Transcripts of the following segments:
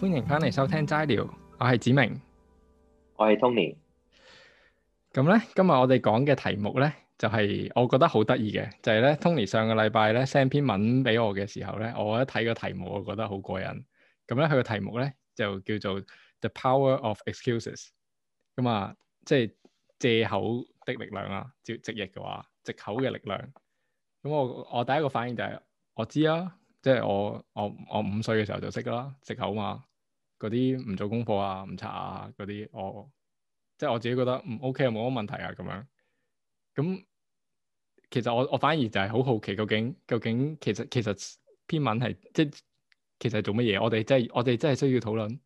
歡迎翻嚟收聽齋聊，我係梓明，我係 Tony。咁咧，今日我哋講嘅題目咧，就係、是、我覺得好得意嘅，就係、是、咧，Tony 上個禮拜咧 send 篇文俾我嘅時候咧，我一睇個題目，我覺得好過癮。咁咧，佢個題目咧就叫做 The Power of Excuses。咁啊，即係借口的力量啊，直直譯嘅話，借口嘅力量。咁我我第一個反應就係、是、我知啊。即係我我我五歲嘅時候就識噶啦，食口嘛，嗰啲唔做功課啊，唔查啊，嗰啲我即係我自己覺得唔 OK 啊，冇乜問題啊咁樣。咁其實我我反而就係好好奇究竟究竟其實其實篇文係即係其實，其實係做乜嘢？我哋真係我哋真係需要討論。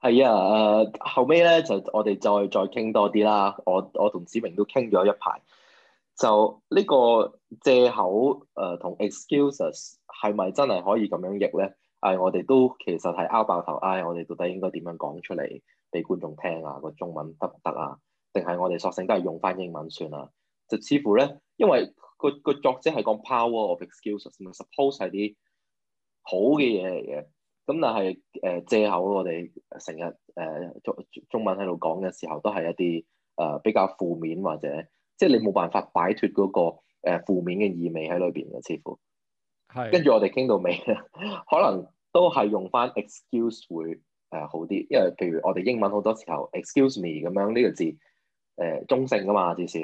係啊，誒後尾咧就我哋再再傾多啲啦。我我同梓明都傾咗一排。就呢、這個藉口，誒、呃、同 excuses 係咪真係可以咁樣譯咧？誒、哎，我哋都其實係拗爆頭，誒、哎，我哋到底應該點樣講出嚟俾觀眾聽啊？個中文得唔得啊？定係我哋索性都係用翻英文算啦、啊？就似乎咧，因為個個作者係講 power of excuses，咪 suppose 係啲好嘅嘢嚟嘅。咁但係誒藉口我，我哋成日誒中中文喺度講嘅時候，都係一啲誒、呃、比較負面或者。即係你冇辦法擺脫嗰個誒負、呃、面嘅意味喺裏邊嘅，似乎係。跟住是我哋傾到尾，可能都係用翻 excuse 會誒、呃、好啲，因為譬如我哋英文好多時候 excuse me 咁樣呢、這個字誒、呃、中性噶嘛，至少、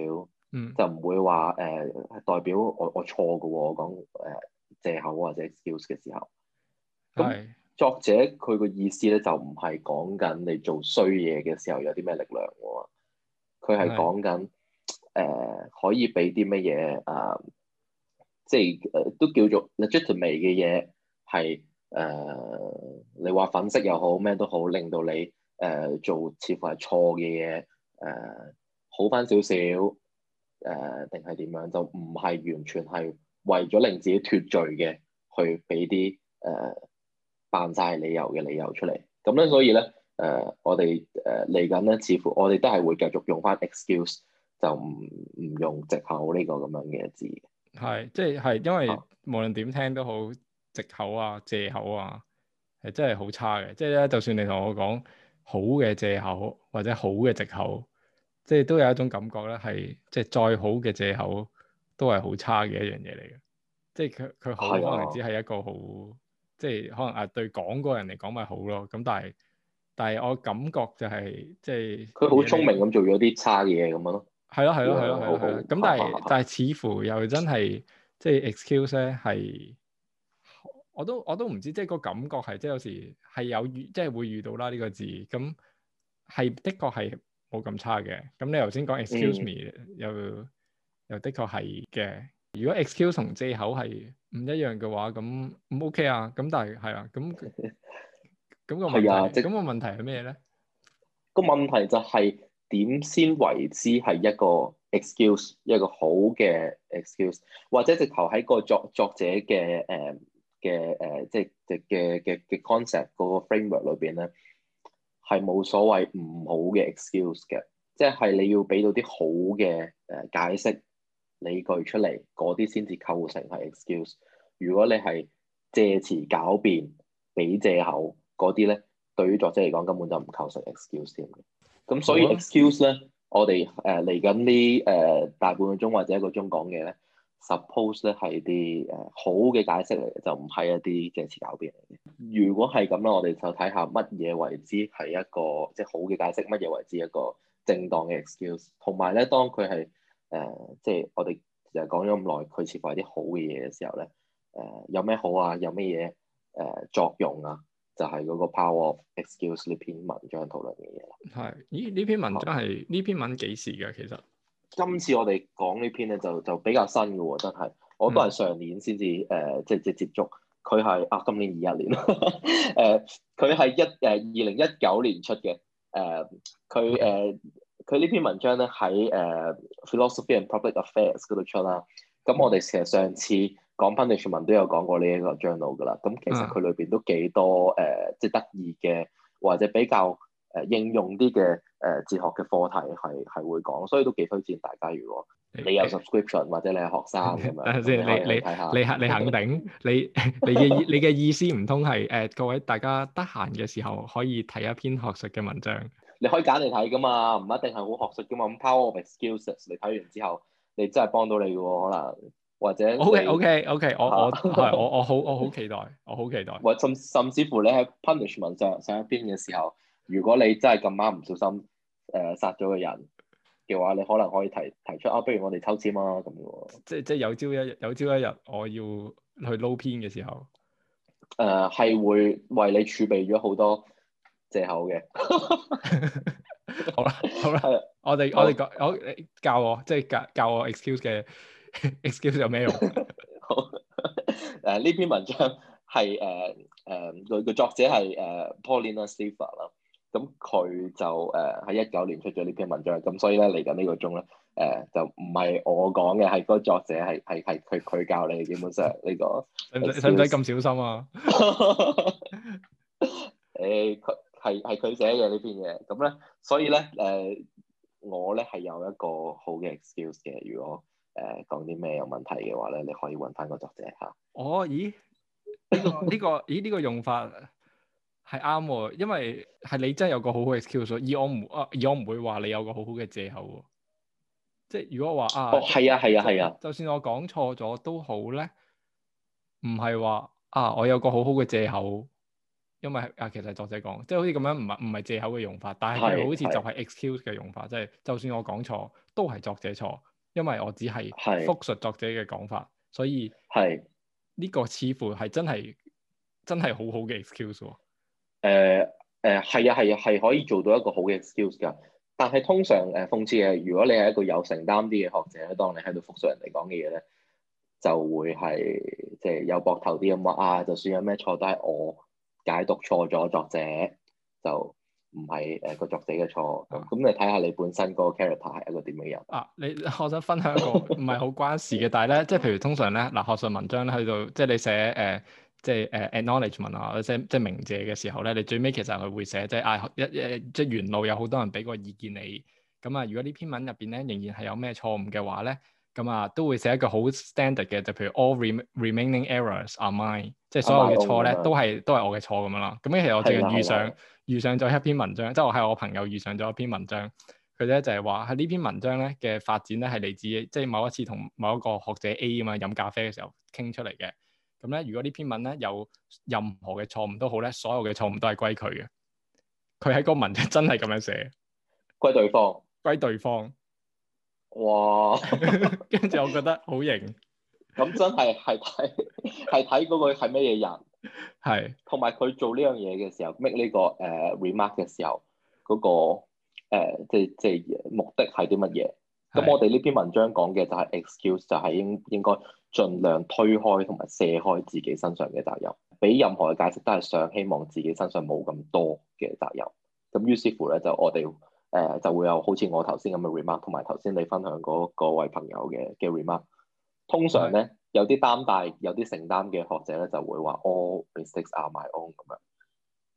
嗯、就唔會話誒、呃、代表我我錯噶，我講誒藉口或者 excuse 嘅時候。咁是作者佢個意思咧就唔係講緊你做衰嘢嘅時候有啲咩力量噶，佢係講緊。誒、呃、可以俾啲乜嘢啊？即係誒、呃、都叫做 legitimate 嘅嘢，係誒、呃、你話粉飾又好，咩都好，令到你誒、呃、做似乎係錯嘅嘢誒好翻少少誒，定係點樣？就唔係完全係為咗令自己脫罪嘅，去俾啲誒扮晒理由嘅理由出嚟。咁咧，所以咧誒、呃，我哋誒嚟緊咧，似乎我哋都係會繼續用翻 excuse。就唔唔用藉口呢個咁樣嘅字，係即係係因為無論點聽都好，藉口啊、藉口啊，係、啊、真係好差嘅。即係咧，就算你同我講好嘅藉口或者好嘅藉口，即、就、係、是、都有一種感覺咧，係即係再好嘅藉口都係、就是、好差嘅一樣嘢嚟嘅。即係佢佢好可能只係一個好，即係可能啊對講嗰個人嚟講咪好咯。咁但係但係我感覺就係即係佢好聰明咁做咗啲差嘅嘢咁樣咯。係咯，係咯，係咯，係咯，係咯。咁但係，但係似乎又真係，即係 excuse 咧，係我都我都唔知，即係個感覺係，即係有時係有遇，即係會遇到啦呢個字。咁係的,的確係冇咁差嘅。咁你頭先講 excuse me 又又的確係嘅。如果 excuse 同借口係唔一樣嘅話，咁唔 OK 啊。咁 但係係啊，咁咁個係啊，咁個問題係咩咧？個問題就係、是。點先為之係一個 excuse，一個好嘅 excuse，或者直頭喺個作作者嘅誒嘅誒，即係嘅嘅嘅 concept 嗰個 framework 裏邊咧，係冇所謂唔好嘅 excuse 嘅，即係你要俾到啲好嘅誒解釋理據出嚟，嗰啲先至構成係 excuse。如果你係借詞狡辯，俾借口嗰啲咧，對於作者嚟講根本就唔構成 excuse 添。咁所以、嗯、excuse 咧，我哋誒嚟緊呢誒大半個鐘或者一個鐘講嘅咧，suppose 咧係啲誒好嘅解釋嚟嘅，就唔係一啲藉詞狡辯嚟嘅。如果係咁啦，我哋就睇下乜嘢為之係一個即係好嘅解釋，乜嘢為之一個正當嘅 excuse。同埋咧，當佢係誒即係我哋誒講咗咁耐，佢似乎係啲好嘅嘢嘅時候咧，誒、呃、有咩好啊？有咩嘢誒作用啊？就係嗰個 Power of Excuse 呢篇文章討論嘅嘢啦。係，咦？呢篇文章係呢、嗯、篇文幾時㗎？其實今次我哋講呢篇咧就就比較新嘅喎，真係我都係上年先至誒，即係即接觸佢係啊，今年二、 呃、一年啦。佢係一誒二零一九年出嘅。誒、呃，佢誒佢呢篇文章咧喺誒 Philosophy and Public Affairs 嗰度出啦。咁我哋其實上次，講 Punishment 都有講過呢一個 journal 噶啦，咁其實佢裏邊都幾多誒、呃，即係得意嘅或者比較誒應用啲嘅誒哲學嘅課題係係會講，所以都幾推薦大家，如果你有 subscription 或者你係學生咁、欸、樣，欸、你下你你肯你、你肯定你你嘅你嘅意思唔通係誒？各位大家得閒嘅時候可以睇一篇學術嘅文章，你可以揀嚟睇噶嘛，唔一定係好學術噶嘛。咁 Power of Excuses 你睇完之後，你真係幫到你嘅喎，可能。或者 OK OK OK，我我係我我，我好我好期待，我好期待。或甚甚至乎你喺 punishment 上上一邊嘅時候，如果你真係咁啱唔小心誒殺咗個人嘅話，你可能可以提提出啊，不如我哋抽籤啦咁嘅喎。即即有朝一有朝一日，有朝一日我要去撈片嘅時候，誒係、呃、會為你儲備咗 好多藉口嘅。好啦好啦，我哋我哋講我教我即教我教我 excuse 嘅。 excuse 有咩用？好誒，呢篇文章係誒誒，佢、uh, 佢、uh, 作者係誒 Pauline Sliwa 啦。咁、uh, 佢就誒喺一九年出咗呢篇文章。咁所以咧嚟緊呢個鐘咧誒，uh, 就唔係我講嘅，係嗰個作者係係係佢教你。基本上呢個使唔使咁小心啊？誒，佢係係佢寫嘅呢篇嘢。咁咧，所以咧誒、mm. 嗯，我咧係有一個好嘅 excuse 嘅。如果誒，講啲咩有問題嘅話咧，你可以揾翻個作者吓。哦，咦？呢、這個、這個、 咦？呢、這個用法係啱喎，因為係你真係有個好好 excuse，而我唔啊而我唔會話你有個好好嘅借口。即係如果話啊，係、哦、啊係啊係啊，啊就，就算我講錯咗都好咧，唔係話啊我有個好好嘅借口，因為啊其實係作者講，即、就、係、是、好似咁樣唔係唔係借口嘅用法，但係佢好似就係 excuse 嘅用法，即係、啊啊、就，就算我講錯都係作者錯。因為我只係復述作者嘅講法，是所以呢是個似乎係真係真係好好嘅 excuse 喎。誒誒係啊係啊，係可以做到一個好嘅 excuse 㗎。但係通常誒、呃、諷刺嘅，如果你係一個有承擔啲嘅學者咧，當你喺度復述人嚟講嘅嘢咧，就會係即係有膊頭啲咁話啊，就算有咩錯都係我解讀錯咗作者就。唔係誒個作者嘅錯咁，咁你睇下你本身嗰個 character 係一個點樣人啊？你，我想分享一個唔係好關事嘅，但係咧，即係譬如通常咧，嗱學術文章咧去到，即係你寫誒，即係誒 acknowledgement 啊，即係即係鳴謝嘅時候咧，你最尾其實佢會寫即係啊一誒，即係沿路有好多人俾個意見你，咁啊，如果呢篇文入邊咧仍然係有咩錯誤嘅話咧，咁啊都會寫一個好 standard 嘅，就譬如 all remaining errors are mine，即係所有嘅錯咧都係都係我嘅錯咁樣啦。咁其實我最近遇上。遇上咗一篇文章，即係我係我朋友遇上咗一篇文章，佢咧就係話喺呢篇文章咧嘅發展咧係嚟自即係、就是、某一次同某一個學者 A 咁樣飲咖啡嘅時候傾出嚟嘅，咁咧如果呢篇文咧有任何嘅錯誤都好咧，所有嘅錯誤都係歸佢嘅，佢喺個文章真係咁樣寫，歸對方，歸對方，哇，跟 住 我覺得好型，咁真係係睇係睇嗰個係乜嘢人。係，同埋佢做呢樣嘢嘅時候，make 呢個誒 remark 嘅時候，嗰個誒即即係目的係啲乜嘢？咁是我哋呢篇文章講嘅就係 excuse，就係應應該盡量推開同埋卸開自己身上嘅責任，俾任何嘅解釋都係想希望自己身上冇咁多嘅責任。咁於是乎咧，就我哋誒就會有好似我頭先咁嘅 remark，同埋頭先你分享嗰嗰位朋友嘅嘅 remark。通常咧，有啲擔戴、有啲承擔嘅學者咧，就會話 All mistakes are my own 咁樣。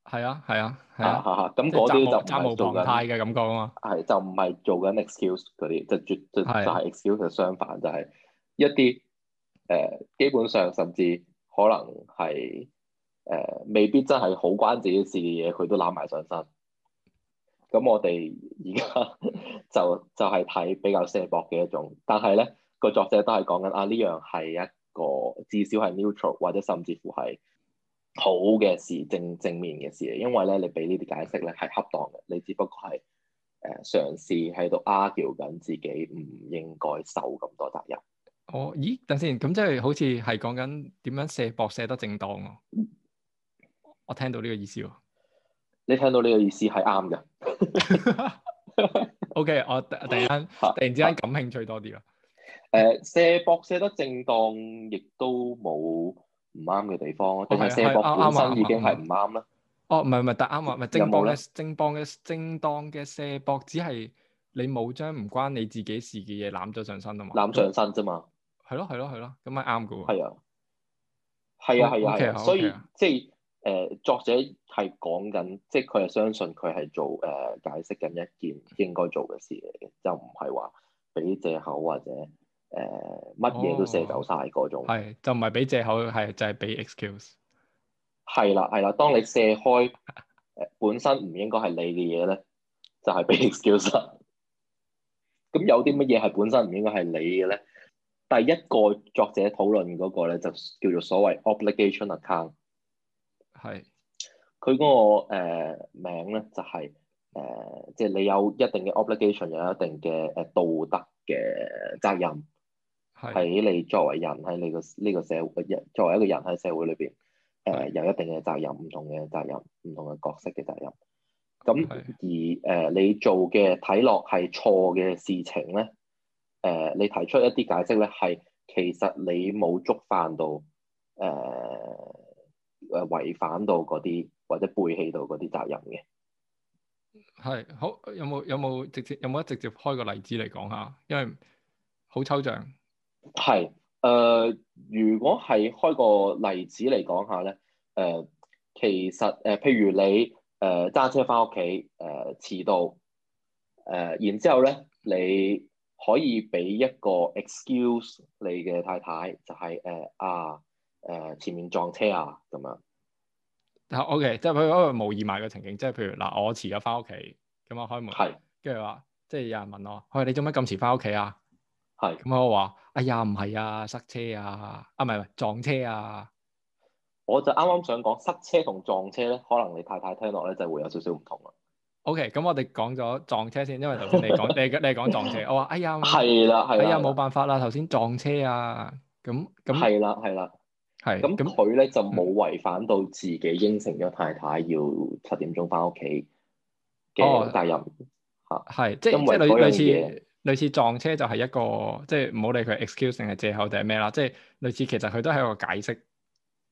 係啊，係啊，係啊，咁嗰啲就唔係做緊嘅咁講啊。係、啊啊、就唔係做緊 excuse 嗰啲，就絕就就係、就是、excuse，就相反就係、是、一啲誒、呃，基本上甚至可能係誒、呃，未必真係好關自己事嘅嘢，佢都攬埋上身。咁我哋而家就是、就係、是、睇比較卸膊嘅一種，但係咧。個作者都係講緊啊，呢樣係一個至少係 neutral，或者甚至乎係好嘅事，正正面嘅事。因為咧，你俾呢啲解釋咧係恰當嘅。你只不過係誒、呃、嘗試喺度 argue 緊自己唔應該受咁多責任。哦，咦，等先，咁即係好似係講緊點樣卸膊卸得正當、啊、我聽到呢個意思喎，你聽到呢個意思係啱嘅。 o、okay, K，我突然間 突然之間感興趣多啲啦。誒，卸膊卸得正當，亦都冇唔啱嘅地方，定係卸膊本身已經係唔啱啦？哦，唔係唔係，但啱啊，唔係正當嘅正當嘅正當嘅卸膊，只係你冇將唔關你自己事嘅嘢攬咗上身啊嘛，攬上身啫嘛，係咯係咯係咯，咁咪啱㗎喎。係啊，係啊係啊，所以即係誒，作者係講緊，即係佢係相信佢係做誒、呃，解釋緊一件應該做嘅事嚟嘅，就唔係話俾借口或者。誒，乜嘢、呃、都卸走晒嗰、哦、種係，就唔係俾借口，係就係俾 excuse 係啦係啦。當你卸開誒、呃、本身唔應該係你嘅嘢咧，就係、是、俾 excuse。咁 有啲乜嘢係本身唔應該係你嘅咧？第一個作者討論嗰個咧，就叫做所謂 obligation account。係佢個誒名咧，就係、是、誒，即、呃、係、就是、你有一定嘅 obligation，有一定嘅誒、呃、道德嘅責任。喺你作為人，喺你個呢個社會作為一個人喺社會裏邊，誒、呃，有一定嘅責任，唔同嘅責任，唔同嘅角色嘅責任。咁而誒、呃，你做嘅睇落係錯嘅事情咧，誒、呃，你提出一啲解釋咧，係其實你冇觸犯到誒誒，違、呃、反到嗰啲或者背棄到嗰啲責任嘅。係好，有冇有冇直接有冇直接開個例子嚟講下？因為好抽象。係，誒、呃，如果係開個例子嚟講下咧，誒、呃，其實誒、呃，譬如你誒揸、呃、車翻屋企，誒、呃、遲到，誒、呃，然之後咧，你可以俾一個 excuse 你嘅太太，就係誒啊，誒、呃呃、前面撞車啊，咁樣 okay。O K，即係譬如一個模擬埋嘅情景，即係譬如嗱，我遲咗翻屋企，咁我開門，係是，跟住話，即係有人問我，喂，你做乜咁遲翻屋企啊？係是，咁我話。 哎呀，唔係啊，塞車啊，啊唔係撞車啊！我就啱啱想講塞車同撞車咧，可能你太太聽落咧就會有少少唔同啊。OK，咁我哋講咗撞車先，因為頭先你講你你講撞車，我話哎呀，係啦，係啦，哎呀冇辦法啦，頭先撞車啊，咁咁係啦係啦，係咁佢咧就冇違反到自己應承咗太太要七點鐘翻屋企嘅責任嚇，係即係即係類類似。類似撞車就係一個即係唔好理佢 excuse 定係借口定係咩啦，即係類似其實佢都係一個解釋，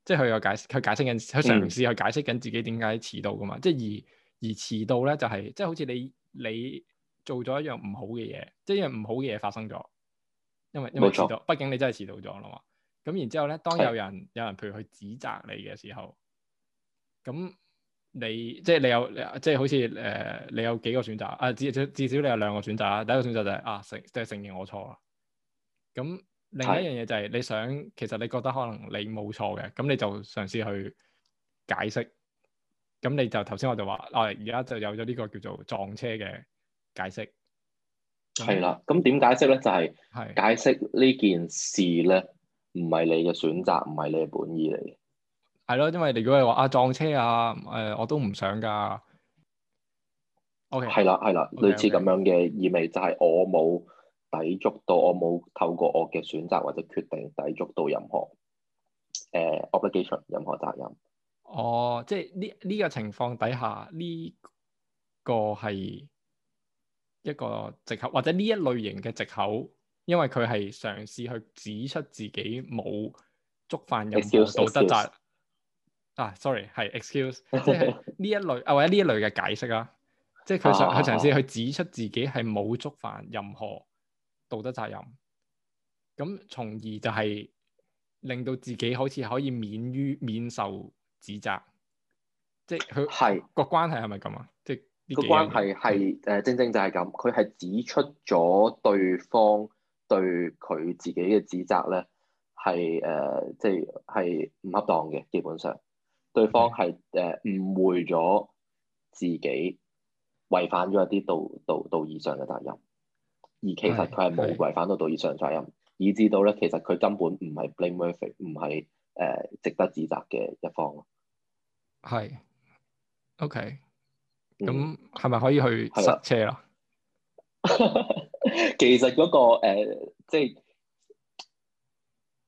即係佢個解佢解釋緊，佢嘗試去解釋緊自己點解遲到噶嘛，嗯、即係而而遲到咧就係、是、即係好似你你做咗一樣唔好嘅嘢，即係一樣唔好嘅嘢發生咗，因為因為遲到，畢錯竟你真係遲到咗啦嘛，咁然之後咧，當有人的有人譬如去指責你嘅時候，咁。你即係你有，即係好似誒、呃，你有幾個選擇啊？至少至少你有兩個選擇啊。第一個選擇就係、是、啊，承即係承認我錯啦。咁另一樣嘢就係、是、的你想，其實你覺得可能你冇錯嘅，咁你就嘗試去解釋。咁你就頭先我就話，我而家就有咗呢個叫做撞車嘅解釋。係啦，咁點解釋咧？就係、是、解釋呢件事咧，唔係你嘅選擇，唔係你嘅本意嚟。係咯，因為如果你話啊撞車啊，誒、呃、我都唔想㗎。O K 係啦，係啦，okay, okay。類似咁樣嘅意味就係我冇抵觸到，我冇透過我嘅選擇或者決定抵觸到任何誒、呃、obligation 任何責任。哦，即係呢呢個情況底下呢、這個係一個藉口，或者呢一類型嘅藉口，因為佢係嘗試去指出自己冇觸犯任何道德責。啊、ah,，sorry，係、yes, excuse， 即係呢一類啊，或者呢一類嘅解釋啊。即係佢想佢嘗試去指出自己係冇觸犯任何道德責任，咁從而就係令到自己好似可以免於免受指責，即係佢係個關係係咪咁啊？即係個關係係誒，正正就係咁，佢係指出咗對方對佢自己嘅指責咧，係誒，即係係唔恰當嘅，基本上。對方係誒誤會咗自己違反咗一啲道道道義上嘅責任，而其實佢係冇違反到道義上嘅責任，以致到咧其實佢根本唔係 blameworthy 唔係誒值得指責嘅一方咯。係。OK。咁係咪可以去塞車啦？是的 其實嗰、嗰個、呃、即係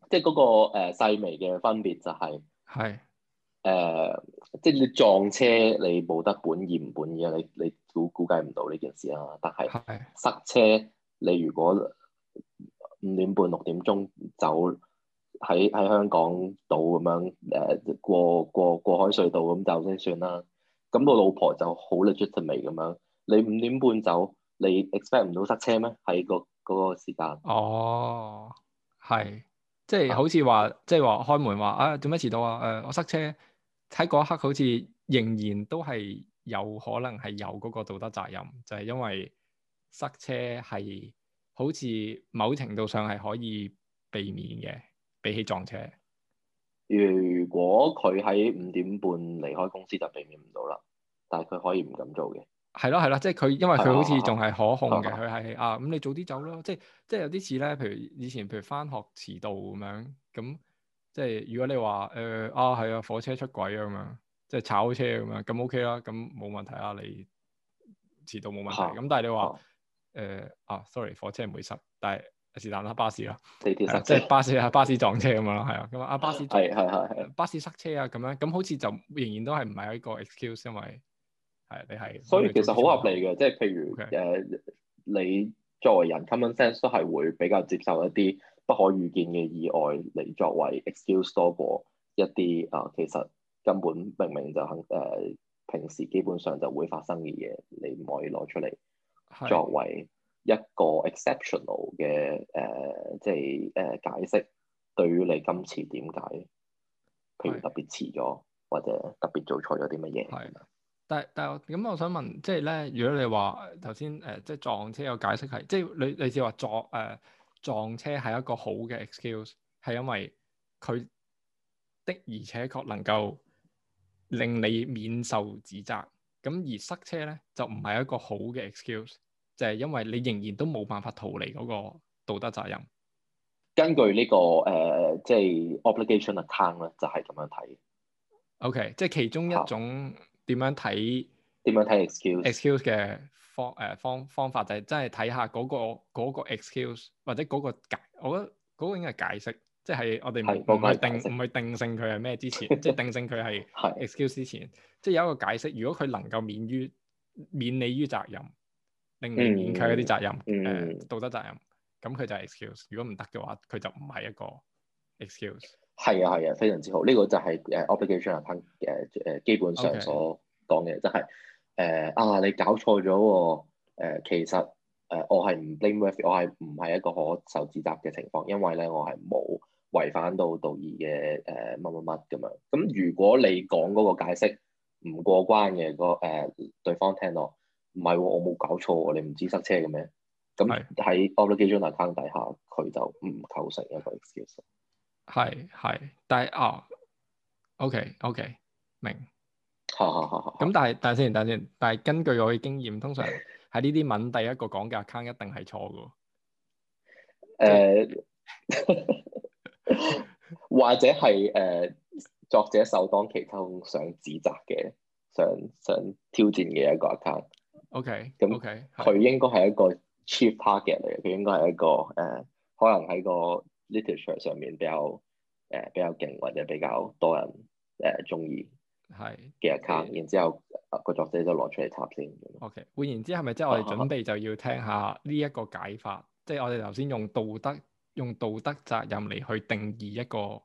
即係、嗰、嗰個誒、呃、細微嘅分別就係、係、係。誒，uh, 即係你撞車，你冇得本驗本嘅，你你估估計唔到呢件事啊！但係塞車，你如果五點半六點鐘走喺喺香港島咁樣，誒過過過海隧道咁就先算啦。咁我老婆就好 legitimate 咁樣，你五點半走，你 expect 唔到塞車咩？喺、個嗰、嗰個時間。哦，係，即係好似話，啊、即係話開門話啊，做咩遲到啊？誒、呃，我塞車。喺嗰刻好似仍然都係有可能係有嗰個道德責任，就係、係、因為塞車係好似某程度上係可以避免嘅，比起撞車。如果佢喺五點半離開公司就避免唔到啦，但係佢可以唔敢做嘅。係咯係咯，即係佢因為佢好似仲係可控嘅，佢係啊咁、啊啊、你早啲走咯，即係即係有啲似咧，譬如以前譬如返學遲到咁樣咁。即係如果你話誒、呃、啊係啊火車出軌啊咁樣，即係炒車咁樣，咁 OK 啦，咁冇問題啊，你遲到冇問題。咁、啊、但係你話誒啊、呃、啊，sorry，火車唔會塞，但係是但啦，巴士啦，地鐵塞、啊，即係巴士，巴士啊，巴士撞車咁樣咯，係啊，咁啊，巴士係係係，巴士塞車啊，咁樣咁好似就仍然都係唔係一個 excuse，因為係你係。所以其實好合理嘅，即係譬如誒，Okay. 你作為人 common sense 都係會比較接受一啲。不可預見嘅意外嚟作為 excuse 多過一啲啊、呃，其實根本明明就肯誒、呃，平時基本上就會發生嘅嘢，你唔可以攞出嚟作為一個 exceptional 嘅誒、呃，即係誒、呃、解釋，對於你今次點解，譬如特別遲咗或者特別做錯咗啲乜嘢。係，但但咁我想問，即係咧，如果你話頭先誒，即係撞車有解釋係，即係你你似話撞誒。撞車係一個好嘅 excuse，係因為佢的而且確能夠令你免受指責。咁而塞車咧就唔係一個好嘅 excuse，就係因為你仍然都冇辦法逃離嗰個道德責任。根據呢個誒，即係 obligation account 咧，就係咁樣睇。Okay，即係其中一種點樣睇點樣睇 excuse，excuse 嘅。方誒方方法就係真係睇下嗰、那個那個 excuse 或者嗰個解，我覺得嗰個應該係解釋，即、就、係、是、我哋唔係定唔係、那個、定性佢係咩之前， 即係定性佢係 excuse 之前，是即係有一個解釋。如果佢能夠免於免你於責任，令你免卻一啲責任，誒、嗯嗯呃、道德責任，咁佢就係 excuse。如果唔得嘅話，佢就唔係一個 excuse。係啊係啊，非常之好。呢、這個就係誒 obligation 誒誒基本上所講嘅就係。Okay. 誒、呃、啊！你搞錯咗喎！其實誒、呃，我係唔 blameworthy 我係唔係一個可受指責嘅情況，因為咧我係冇違反到道義嘅誒乜乜乜咁樣。咁、呃嗯、如果你講嗰個解釋唔過關嘅嗰誒對方聽落，唔係、哦、我冇搞錯喎，你唔知塞車嘅咩？咁、嗯、喺是 obligation account 底下，佢就唔構成一個 excuse。係係，但係啊、哦，OK OK，明。好好好，好。咁但係但先，但先，但係根據我嘅經驗，通常喺呢啲文第一個講嘅 account 一定係錯嘅，誒， 或者係誒、呃、作者首當其衝想指責嘅，想想挑戰嘅一個 account。OK，咁 OK，佢應該係一個 cheap target 嚟嘅，佢應該係一個誒、呃、可能喺個 literature 上面比較誒、呃、比較勁或者比較多人誒中意。呃係嘅卡，是然之後個是作者就攞出嚟插先、okay.。O K，換言之係咪即係我哋準備就要聽下呢一個解法？即係 我哋頭先用道德用道德責任嚟去定義一個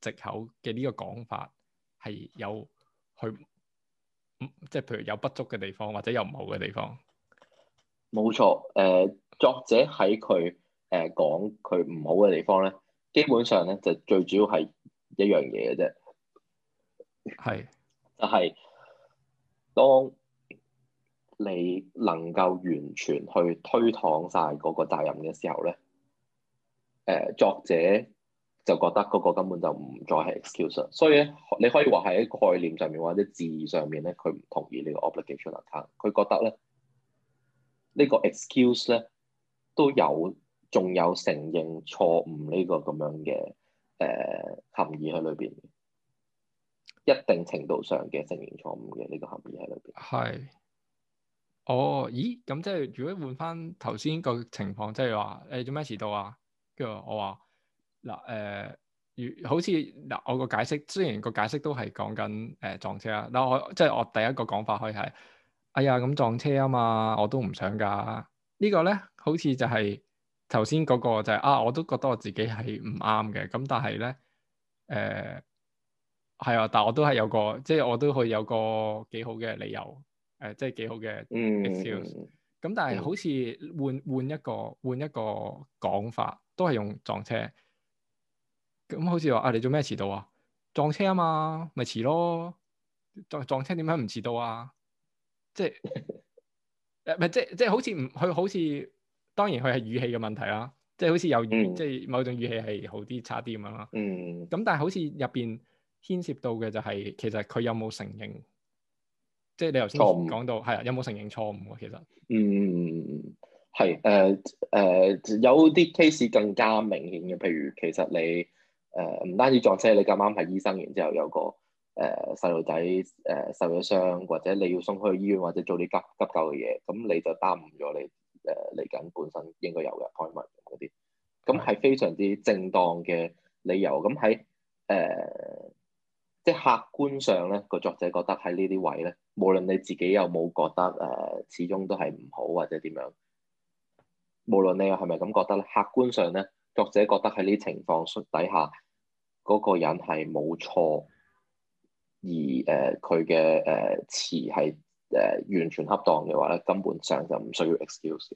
藉口嘅呢個講法，係有去即係譬如有不足嘅地方或者有唔好嘅地方。冇錯，誒、呃，作者喺佢誒講佢唔好嘅地方咧，基本上咧就最主要係一樣嘢嘅啫。係，就係是當你能夠完全去推搪晒嗰個責任嘅時候咧，誒、呃，作者就覺得嗰個根本就唔再係 excuse。所以咧，你可以話喺概念上面或者字義上面咧，佢唔同意呢個 obligation account。佢覺得咧，這個、呢個 excuse 咧都有仲有承認錯誤呢個咁樣嘅誒、呃、含義喺裏邊。一定程度上嘅承認錯誤嘅呢、這個含義喺裏邊。係，哦，咦？咁即係如果換翻頭先個情況，即係話誒做咩遲到啊？跟住我話嗱誒，如、呃、好似嗱我個解釋，雖然個解釋都係講緊誒撞車啊，嗱、呃、我即係我第一個講法可以係，哎呀咁撞車啊嘛，我都唔想噶。這個、呢個咧好似就係頭先嗰個就係、是、啊，我都覺得我自己係唔啱嘅。咁但係咧誒。呃係啊，但係我都係有個，即係我都可以有個幾好嘅理由，誒、呃，即係幾好嘅 excuse、mm. 好。咁但係好似換換一個換一個講法，都係用撞車咁，好似話啊，你做咩遲到啊？撞車啊嘛，咪遲咯。撞撞車點解唔遲到啊？即係誒，唔 係、呃、即係即係好似唔佢好似當然佢係語氣嘅問題啦，即係好似有、mm. 即係某種語氣係好啲差啲咁樣啦。咁、mm. 但係好似入邊。牽涉到嘅就係、是、其實佢有冇承認，即係你頭先講到係啊，誤有冇承認錯誤啊？其實，嗯，係，誒、呃、誒，有啲 case 更加明顯嘅，譬如其實你誒唔、呃、單止撞車，你咁啱係醫生，然之後有個誒細路仔誒受咗傷，或者你要送去醫院或者做啲急急救嘅嘢，咁你就耽誤咗你誒嚟緊本身應該有嘅開麥嗰啲，咁係非常之正當嘅理由。咁喺誒。呃即係客觀上咧，個作者覺得喺呢啲位咧，無論你自己有冇覺得誒、呃，始終都係唔好或者點樣。無論你係咪咁覺得咧，客觀上咧，作者覺得喺呢啲情況底下，嗰、那個人係冇錯，而誒佢嘅誒詞係誒完全恰當嘅話咧，根本上就唔需要 excuse。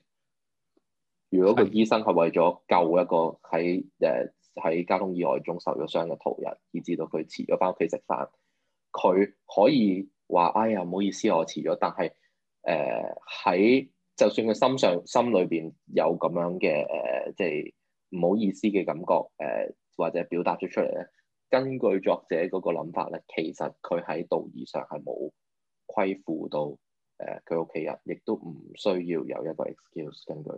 如果個醫生係為咗救一個喺誒，呃喺交通意外中受咗傷嘅途人，以至到佢遲咗返屋企食飯。佢可以話：哎呀，唔好意思，我遲咗。但係誒喺，就算佢心上、心裏邊有咁樣嘅誒、呃，即係唔好意思嘅感覺誒、呃，或者表達咗出嚟咧。根據作者嗰個諗法咧，其實佢喺道義上係冇虧負到誒佢屋企人，亦都唔需要有一個 excuse。根據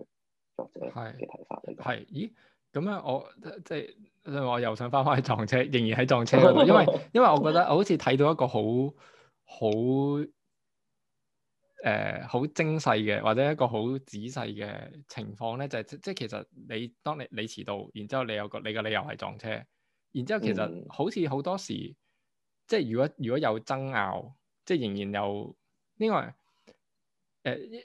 作者嘅睇法嚟講，係咦？咁樣，我即係、就是、我又想翻翻去撞車，仍然喺撞車，因為因為我覺得我好似睇到一個好好誒好精細嘅或者一個好仔細嘅情況咧，就係、是、即即係其實你當你你遲到，然之後你有個你嘅理由係撞車，然之後其實、嗯、好似好多時即係如果如果有爭拗，即係仍然有呢個誒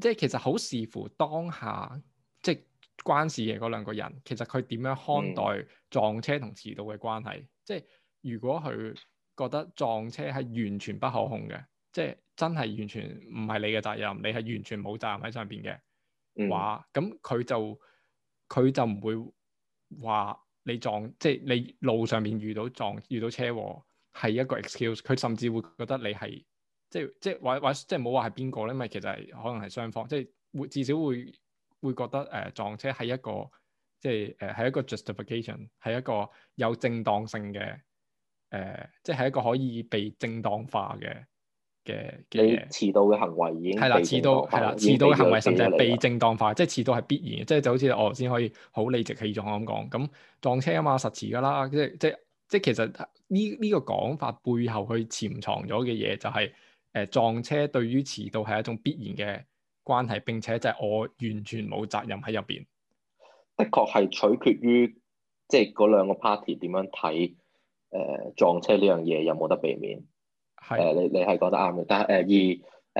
即係其實好視乎當下即係。關事嘅嗰兩個人，其實佢點樣看待撞車同遲到嘅關係？嗯、即係如果佢覺得撞車係完全不可控嘅，嗯、即係真係完全唔係你嘅責任，你係完全冇責任喺上邊嘅話，咁佢、嗯、就佢就唔會話你撞，即係你路上邊遇到撞遇到車禍係一個 excuse。佢甚至會覺得你係即係即係或即或即係冇話係邊個咧，因為其實係可能係雙方，即係會至少會。會覺得誒、呃、撞車係一個即係誒係一個 justification，係一個有正當性嘅誒、呃，即係一個可以被正當化嘅嘅嘅嘢。遲到嘅行為已經係啦，遲到係啦，遲到嘅行為甚至係被正當化，即係遲到係的必然嘅，即係就好似我頭先可以好理直氣壯咁講。咁撞車啊嘛，實遲㗎喇，即係即係即係其實呢呢、這個講法背後佢潛藏咗嘅嘢就係、是、誒、呃、撞車對於遲到係一種必然嘅。關係，並且就係我完全冇責任喺入邊。的確係取決於即係嗰兩個 party 點樣睇誒撞車呢樣嘢有冇得避免？誒你你係講得啱嘅，但係誒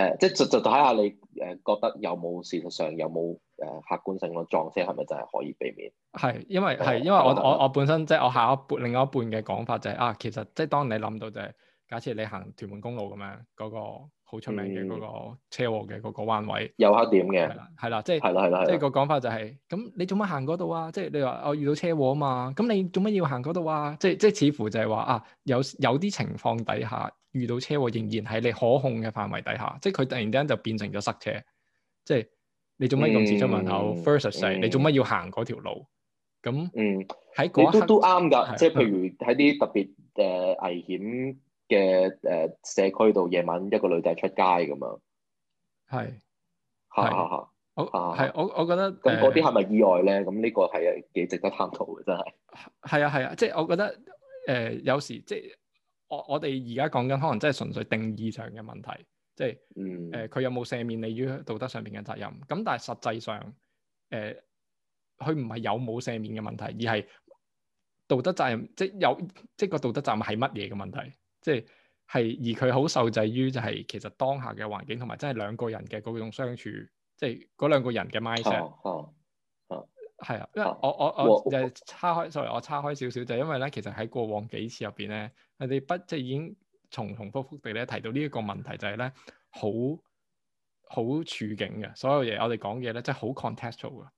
而誒即係就就睇下你誒覺得有冇事實上有冇誒客觀性嘅？撞車係咪真係可以避免？係因為係因為我我我本身即係我下一半另外一半嘅講法就係啊，其實即係當你諗到就係假設你行屯門公路咁樣嗰個。好、嗯、出名嘅嗰個車禍嘅嗰個彎位，有一點嘅，係啦，即係係啦係啦，即係個講法就係，咁你做乜行嗰度啊？即、就、係、是、你話我遇到車禍啊嘛，咁你做乜要行嗰度啊？即係即係似乎就係話啊，有有啲情況底下遇到車禍，仍然喺你可控嘅範圍底下，即係佢突然間就變成咗塞車，即、就、係、是、你做乜咁自出門口 first 世，嗯、你做乜要行嗰條路？咁喺嗰一、嗯、都都啱㗎，即係譬如喺啲特別誒危險，嘅誒社區度，夜晚一個女仔出街咁啊，係，係係，我係我我覺得咁嗰啲係咪意外咧？咁呢個係幾值得探究嘅，真係係啊係啊，即係、啊啊啊、我覺得誒、呃、有時即係我我哋而家講緊，可能真係純粹定義上嘅問題，即係誒佢有冇赦免你於道德上邊嘅責任。咁但係實際上誒，佢唔係有冇赦免嘅問題，而係道德責任，即係有即係個道德責任係乜嘢嘅問題？即係係，而佢好受制於就係其實當下嘅環境同埋，真係兩個人嘅嗰種相處，即係嗰兩個人嘅 mindset。哦，哦，係啊，因為我我我就係叉開，所以我叉開少少，就因為咧，其實喺過往幾次入邊咧，你哋不即係已經重重複複地咧提到呢一個問題就，就係咧好好處境嘅所有嘢，我哋講嘢咧，即係好 contextual 嘅，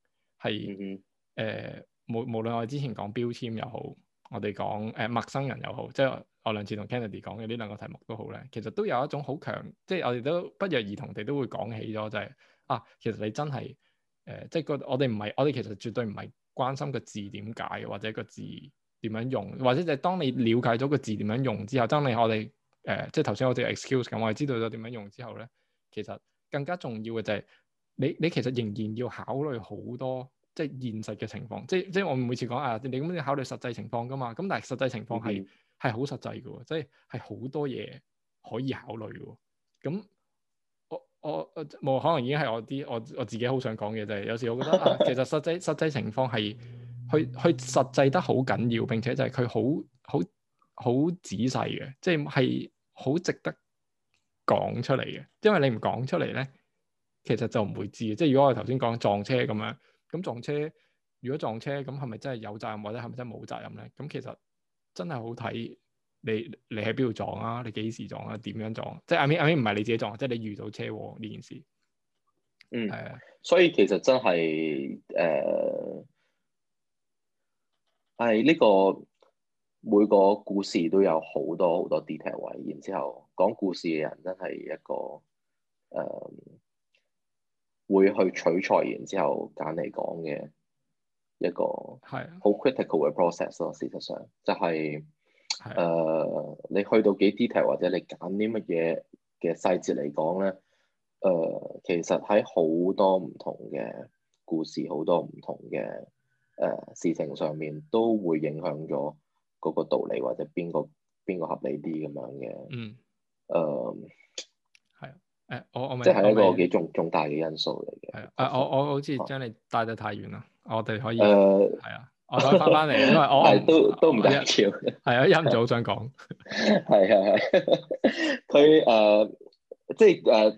係誒，無無論我哋之前講標籤又好。嗯嗯 我哋講誒陌生人又好，即係我兩次同 Kennedy 講嘅呢兩個題目都好咧，其實都有一種好強，即係我哋都不約而同地都會講起咗、就係，就係啊，其實你真係誒、呃，即係個我哋唔係，我哋其實絕對唔係關心個字點解，或者個字點樣用，或者就係當你了解咗個字點樣用之後，當你我哋誒、呃，即係頭先我哋 excuse 咁，我哋知道咗點樣用之後咧，其實更加重要嘅就係、係、你你其實仍然要考慮好多。即係現實嘅情況，即係即係我每次講啊，你咁樣考慮實際情況㗎嘛。咁但係實際情況係係好實際嘅喎，即係係好多嘢可以考慮嘅。咁我我冇可能已經係我啲我我自己好想講嘅就係、是，有時我覺得啊，其實實際實際情況係佢佢實際得好緊要，並且就係佢好好好仔細嘅，即係係好值得講出嚟嘅。因為你唔講出嚟咧，其實就唔會知嘅。即係如果我頭先講撞車咁樣。咁撞車，如果撞車，咁係咪真係有責任，或者係咪真係冇責任咧？咁其實真係好睇你你喺邊度撞啊，你幾時撞啊，點樣撞，啊？即係阿 m 阿 m 唔係你自己撞，即係你遇到車禍呢件事。嗯，係啊，所以其實真係誒，係、呃、呢個每個故事都有好多好多 detail 位，然之後講故事嘅人真係一個誒。呃會去取材，然之後揀嚟講嘅一個係好 critical 嘅 process 咯。事實上，就是，就係誒你去到幾 detail，或者你揀啲乜嘢嘅細節嚟講咧，誒、呃、其實喺好多唔同嘅故事、好多唔同嘅誒、呃、事情上面，都會影響咗嗰個道理或者邊個邊個合理啲咁樣嘅。嗯。誒、呃。誒、欸，我我咪即係一個未幾重重大嘅因素嚟嘅。係、欸、啊，我我好似將你帶得太遠啦，我哋可以誒，係啊，我想翻翻嚟，因為我係都都唔得一條。係啊，音早好想講。係係係，佢誒、 呃，即係誒、呃，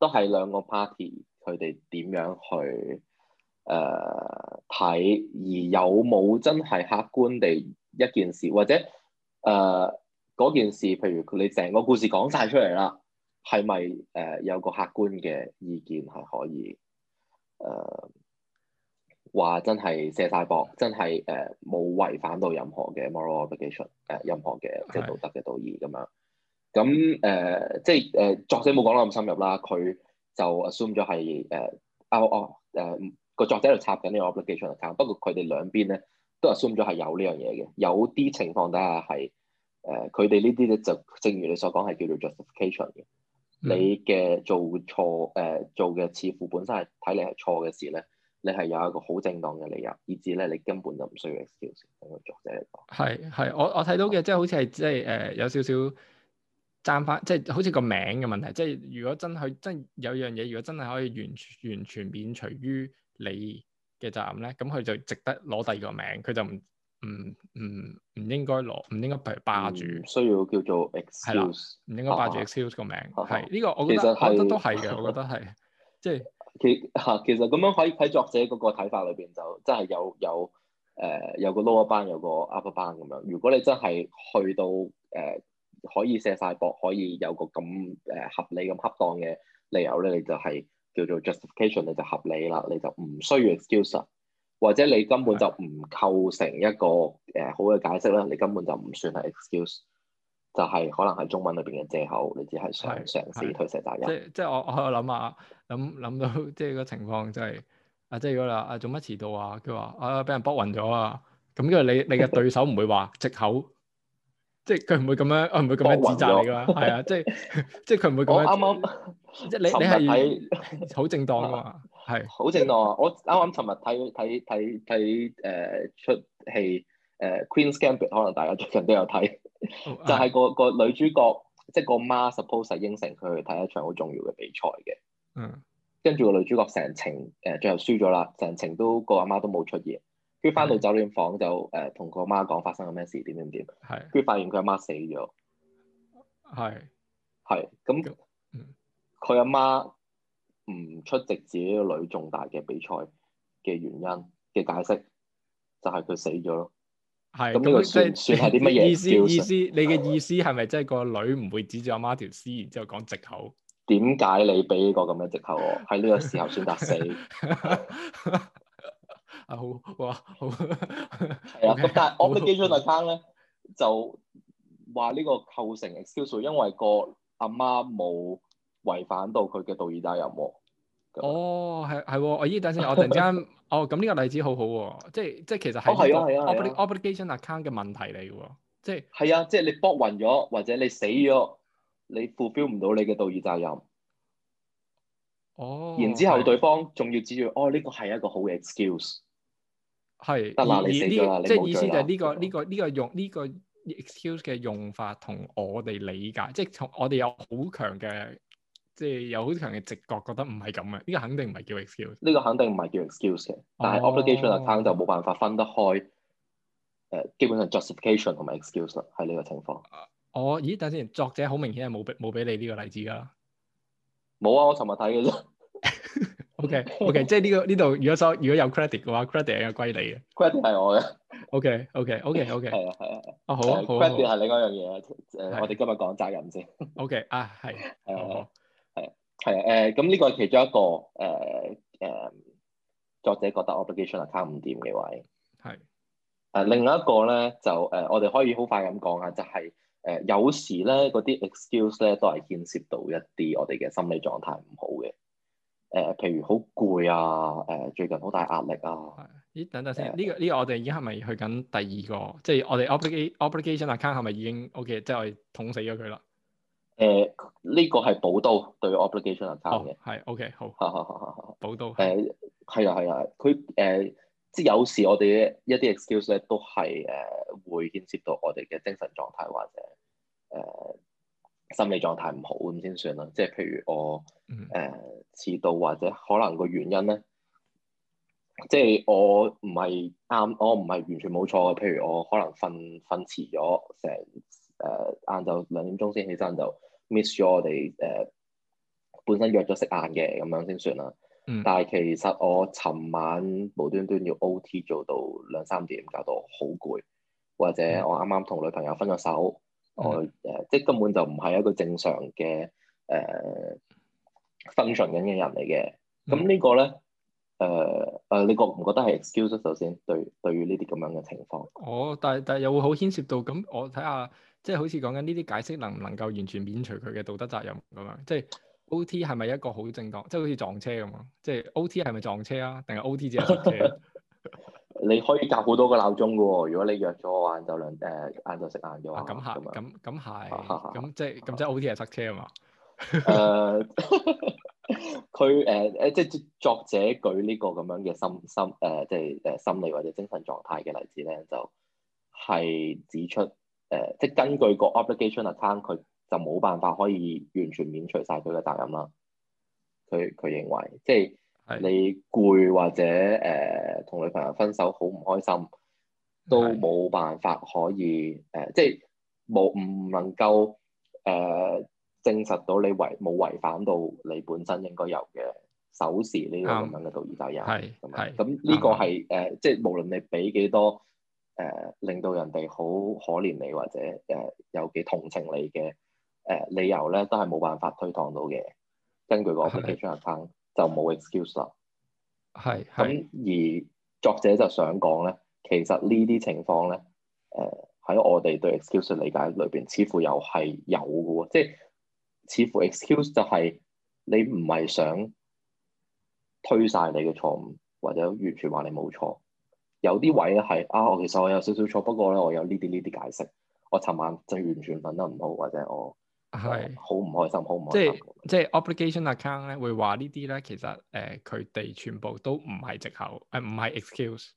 都係兩個 party，佢哋點樣去誒睇、呃，而有冇真係客觀地一件事，或者誒嗰、呃、件事，譬如你成個故事講晒出嚟啦。係咪誒有個客觀嘅意見係可以誒話真係卸晒膊，真係誒冇違反到任何嘅 moral obligation 誒、呃、任何嘅即係道德嘅道義咁樣咁誒、嗯呃，即係誒、呃、作者冇講得咁深入啦。佢就 assume 咗係誒啊、呃、哦誒個、哦呃、作者就插緊呢個 obligation account，不過佢哋兩邊咧都 assume 咗係有呢樣嘢嘅。有啲情況底下係誒佢哋呢啲咧就正如你所講係叫做 justification 嘅。你嘅做錯誒、呃、做嘅似乎本身係睇你係錯嘅事咧，你係有一個好正當嘅理由，以至咧你根本就唔需要 excuse、嗯。嗰個作者嚟講，係係我我睇到嘅，即係好似係即係誒有少少爭翻，即係好似個名嘅問題。即係如果真係真係有樣嘢，如果真係可以完全完全免除於你嘅責任咧，咁佢就值得攞第二個名，佢就唔。嗯，唔唔應該攞，唔應該譬如霸住、嗯，需要叫做 excuse 唔應該霸住 excuse 個名，係呢、啊啊啊啊呢個我覺得，我覺得都係嘅，我覺得係，即係其嚇其實咁樣可以喺作者嗰個睇法裏邊就真係有有誒、呃、有個 lower bound，有個 upper bound 咁樣。如果你真係去到誒、呃、可以寫晒博，可以有個咁誒、呃、合理咁恰當嘅理由咧，你就係叫做 justification，你就合理啦，你就唔需要 excuse。或者你根本就唔構成一個誒好嘅解釋啦。的你根本就唔算係 excuse，就係可能係中文裏邊嘅藉口，你只係嘗，嘗試推卸責任。即即我我喺度諗下，諗諗到即，即個情況就係、係嗰個、啊，即如果啦啊做乜遲到啊，佢話啊俾人扑暈咗啊，咁因為你你嘅對手唔會話藉口， 即佢唔會咁樣唔會咁樣指責你㗎，係啊， 即即佢唔會咁樣。我啱啱即你你係好正當啊嘛。 係好音色正啊！我啱啱尋日睇睇睇睇誒出戲誒《呃、Queen's Gambit》可能大家最近都有睇，就係、oh, hi. 個個女主角即係個媽，suppose 係應承佢去睇一場好重要嘅比賽嘅。嗯、uh，跟、huh. 住個女主角成程誒，最後輸咗啦，成程都個阿媽都冇出現，跟住翻到酒店房就誒同、uh huh. 呃、個阿媽講發生咗咩事，點點點，係跟住發現佢阿媽死咗，係係咁，佢阿媽。色唔出席自己個女重大嘅比賽嘅原因嘅解釋，就係佢死咗咯。係咁呢個算算係啲乜嘢意思？意思你嘅意思係咪即係個女唔會指住阿媽條屍，然之後講藉口？點解你俾個咁嘅藉口？我？喺呢個時候選擇死。啊好哇好。係啊，咁但係 Obligation account 咧，就話呢個構成 excuse 因為個阿媽冇。違反到佢嘅道義責任喎。哦，係係，oh，我依家等先，我突然之間， 哦，咁呢個例子好好喎，即係即係其實喺一個 obligation account 嘅問題嚟嘅，即係係啊，即係、哦、你 block 暈咗，或者你死咗，你 fulfil 唔到你嘅道義責任。哦。然之後對方仲要指住，哦呢個係一個好嘅 excuse 的。係。得啦，你死咗即係意思就係呢、呢個呢、嗯呢個呢、呢個用呢、呢個 excuse 嘅用法同我哋理解，即係同我哋有好強嘅。即係有好強嘅直覺，覺得唔係咁嘅，呢、這個肯定唔係叫 excuse。呢個肯定唔係叫 excuse 嘅，oh, 但係 obligation 啊，time 就冇辦法分得開。誒、呃，基本上 justification 同埋 excuse 喺呢個情況。哦，oh, 咦？等下先，作者好明顯係冇俾冇俾你呢個例子㗎。冇啊！我尋日睇嘅啫。OK，OK，即係呢個呢度，如果收如果有 credit 嘅話，credit 係歸你嘅。credit 係、okay, okay, okay, okay, okay. 我嘅。OK，OK，OK，OK。係、uh, bueno, 啊，係啊，啊好啊，credit 係另一樣嘢。誒，我哋今日講責任先。OK，啊係，係啊。係啊，咁呢、呃這個係其中一個誒誒、呃呃、作者覺得 obligation account 唔掂嘅位係誒是、呃。另外一個咧就誒、呃，我哋可以好快咁講啊，就係、是、誒、呃、有時咧嗰啲 excuse 咧都係牽涉到一啲我哋嘅心理狀態唔好嘅誒，譬、呃、如好攰啊，誒、呃、最近好大壓力啊。咦，等等先，呢、呃這個呢、這個我哋已經係咪去緊第二個？即係我哋 obligation account 係咪已經 OK？即係我捅死咗佢啦？誒，呢、呃這個係補刀對 obligation 嚟講嘅、oh, 的，係，OK，好，好好好好好，補刀，誒、呃，係啊係啊，佢誒、啊啊呃，即有時我哋一啲 excuse 咧都係誒、呃、會牽涉到我哋嘅精神狀態或者誒、呃、心理狀態唔好咁先算啦，即係譬如我誒、呃、遲到或者可能個原因咧，即係我唔係啱，我唔係完全冇錯嘅，譬如我可能瞓瞓遲咗成誒晏晝兩點鐘先起身就。miss 咗我哋誒本身約咗食晏嘅咁樣先算啦，嗯、但係其實我尋晚無端端要 OT 做到兩三點，搞到好攰，或者我啱啱同女朋友分咗手，嗯、我誒、uh, 即係根本就唔係一個正常嘅誒、uh, function 緊嘅人嚟嘅。咁、嗯、呢個咧誒誒，uh, uh, 你覺唔覺得係 excuse 首先對對於呢啲咁樣嘅情況？哦，但係但係又會好牽涉到咁，我睇下。即係好似講緊呢啲解釋能唔能夠完全免除佢嘅道德責任咁樣？即係 O T 係咪一個好正當？即係好似撞車咁啊！即係 O T 係咪撞車啊？定係 O T 只係塞車？ 你可以隔好多個鬧鐘嘅喎。如果你約咗我晏晝兩誒晏晝食晏嘅話，咁係咁咁係。咁即係咁、啊、即係 O T 係塞車啊嘛？誒、uh, 佢誒誒即係作者舉呢個咁樣嘅心心誒、呃呃，即係誒心理或者精神狀態嘅例子咧，就係、是、指出。誒，即係根據個 obligation attack 佢就冇辦法可以完全免除晒佢嘅責任啦。佢佢認為，即係你攰或者誒、呃、同女朋友分手好唔開心，都冇辦法可以誒、呃，即係冇唔能夠誒、呃、證實到你違冇違反到你本身應該有嘅守時呢個咁、嗯、樣嘅道義責任。係係，咁呢個係誒，是嗯、即係無論你俾幾多。誒、呃，令到人哋好可憐你或者誒、呃、有幾同情你嘅、誒、呃、理由咧，都係冇辦法推搪到嘅。根據我嘅基準嚟講，就冇 excuse 啦。係咁的而作者就想講咧，其實呢啲情況咧，誒、呃、喺我哋對 excuse 理解裏邊，似乎又係有嘅。即係似乎 excuse 就係你唔係想推晒你嘅錯誤，或者完全話你冇錯。有啲位咧係啊，我其實我有少少錯，不過咧我有呢啲呢啲解釋。我尋晚真係完全瞓得唔好，或者我係好唔開心，好唔開心。即係即、就、係、是嗯、obligation account 咧，會話呢啲咧其實誒佢哋全部都唔係藉口，誒唔係 excuse。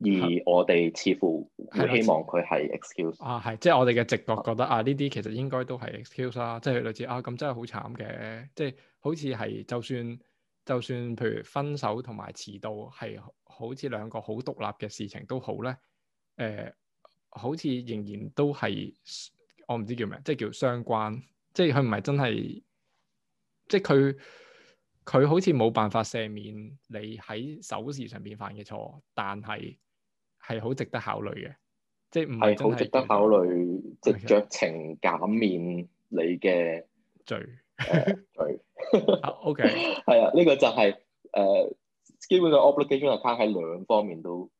Exc 而我哋似乎希望佢係 excuse。啊，係即係我哋嘅直覺覺得啊，呢啲、啊啊、其實應該都係 excuse 啦、啊，即、就、係、是、類似啊咁真係、就是、好慘嘅，即係好似係就算。就算譬如分手同埋遲到，係好似兩個好獨立嘅事情都好咧，誒、呃，好似仍然都係我唔知叫咩，即係叫相關，即係佢唔係真係，即係佢佢好似冇辦法赦免你喺守時上邊犯嘅錯，但係係好值得考慮嘅，即係唔係好值得考慮，即係酌情減免你嘅罪、嗯。OK，係 啊，呢、okay, 啊這個就係、是、誒，uh, 基本嘅 obligation account 喺兩方面都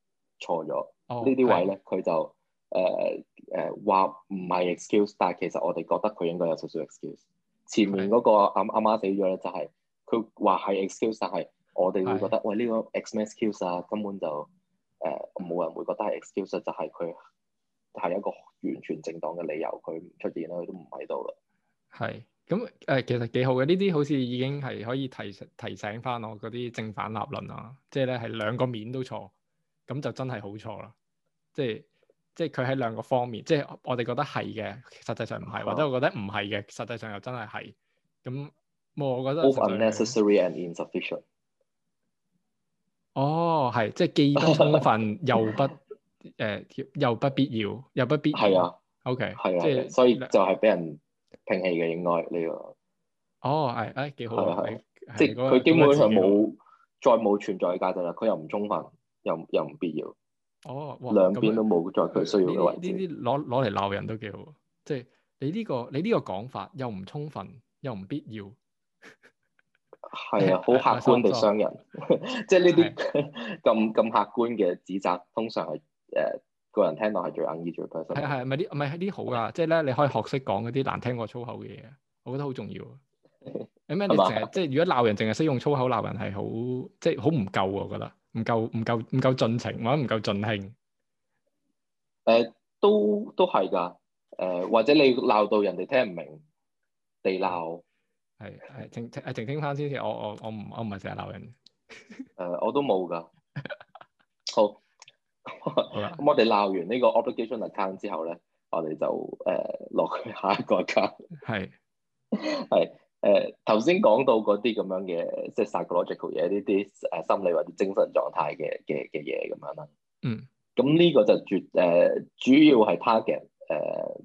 錯咗。Oh, 呢啲位咧，佢的就誒誒話唔係 excuse，但係其實我哋覺得佢應該有少少 excuse。前面嗰個阿阿媽死咗咧，就係佢話係 excuse，但係我哋會覺得的喂呢、這個、ex、excuse 啊，根本就誒冇、呃、人會覺得係 excuse，就係佢係一個完全正當嘅理由，佢唔出現啦，佢都唔喺度啦。係。咁誒其實幾好嘅，呢啲好似已經係可以提提醒翻我嗰啲正反立論啊。即係咧係兩個面都錯，咁就真係好錯啦。即係即係佢喺兩個方面，即係我我哋覺得係嘅，實際上唔係，啊、或者我覺得唔係嘅，實際上又真係係。咁、嗯、我覺得係唔 necessary and insufficient。哦，係即係既不充分又不誒、 呃、又不必要又不必要係啊。OK，係即係所以就係俾人。平氣嘅應該呢個，哦，係，唉，幾好，係，即係佢基本上冇再冇存在嘅價值啦。佢又唔充分，又又唔必要。哦，哇，兩邊都冇在佢需要嘅位置。呢啲攞攞嚟鬧人都幾好，即係你呢個你呢個講法又唔充分，又唔必要。係啊，好客觀地傷人，即係呢啲咁咁客觀嘅指責，通常係誒。個人聽到係最硬啲，最真實。係咪啲咪係啲好㗎、啊？即係咧，你可以學識講嗰啲難聽過粗口嘅嘢，我覺得好重要。有咩 你成日即係如果鬧人，淨係識用粗口鬧人係好，即係好唔夠我覺得唔夠唔夠唔夠盡情或者唔夠盡興。誒、uh,，都都係㗎。誒、uh,，或者你鬧到人哋聽唔明地鬧，係係聽聽誒，靜聽翻先我我我唔我唔係成日鬧人。誒、 uh,，我都冇㗎。好。 咁、 嗯、我哋鬧完呢個 obligation account 之後咧，我哋就誒落、呃、去下一個 account，係係誒頭先講到嗰啲咁樣嘅，即係 psychological 嘢呢啲誒心理或者精神狀態嘅嘅嘅嘢咁樣啦。嗯，咁呢個就主誒、呃、主要係 target 誒、呃、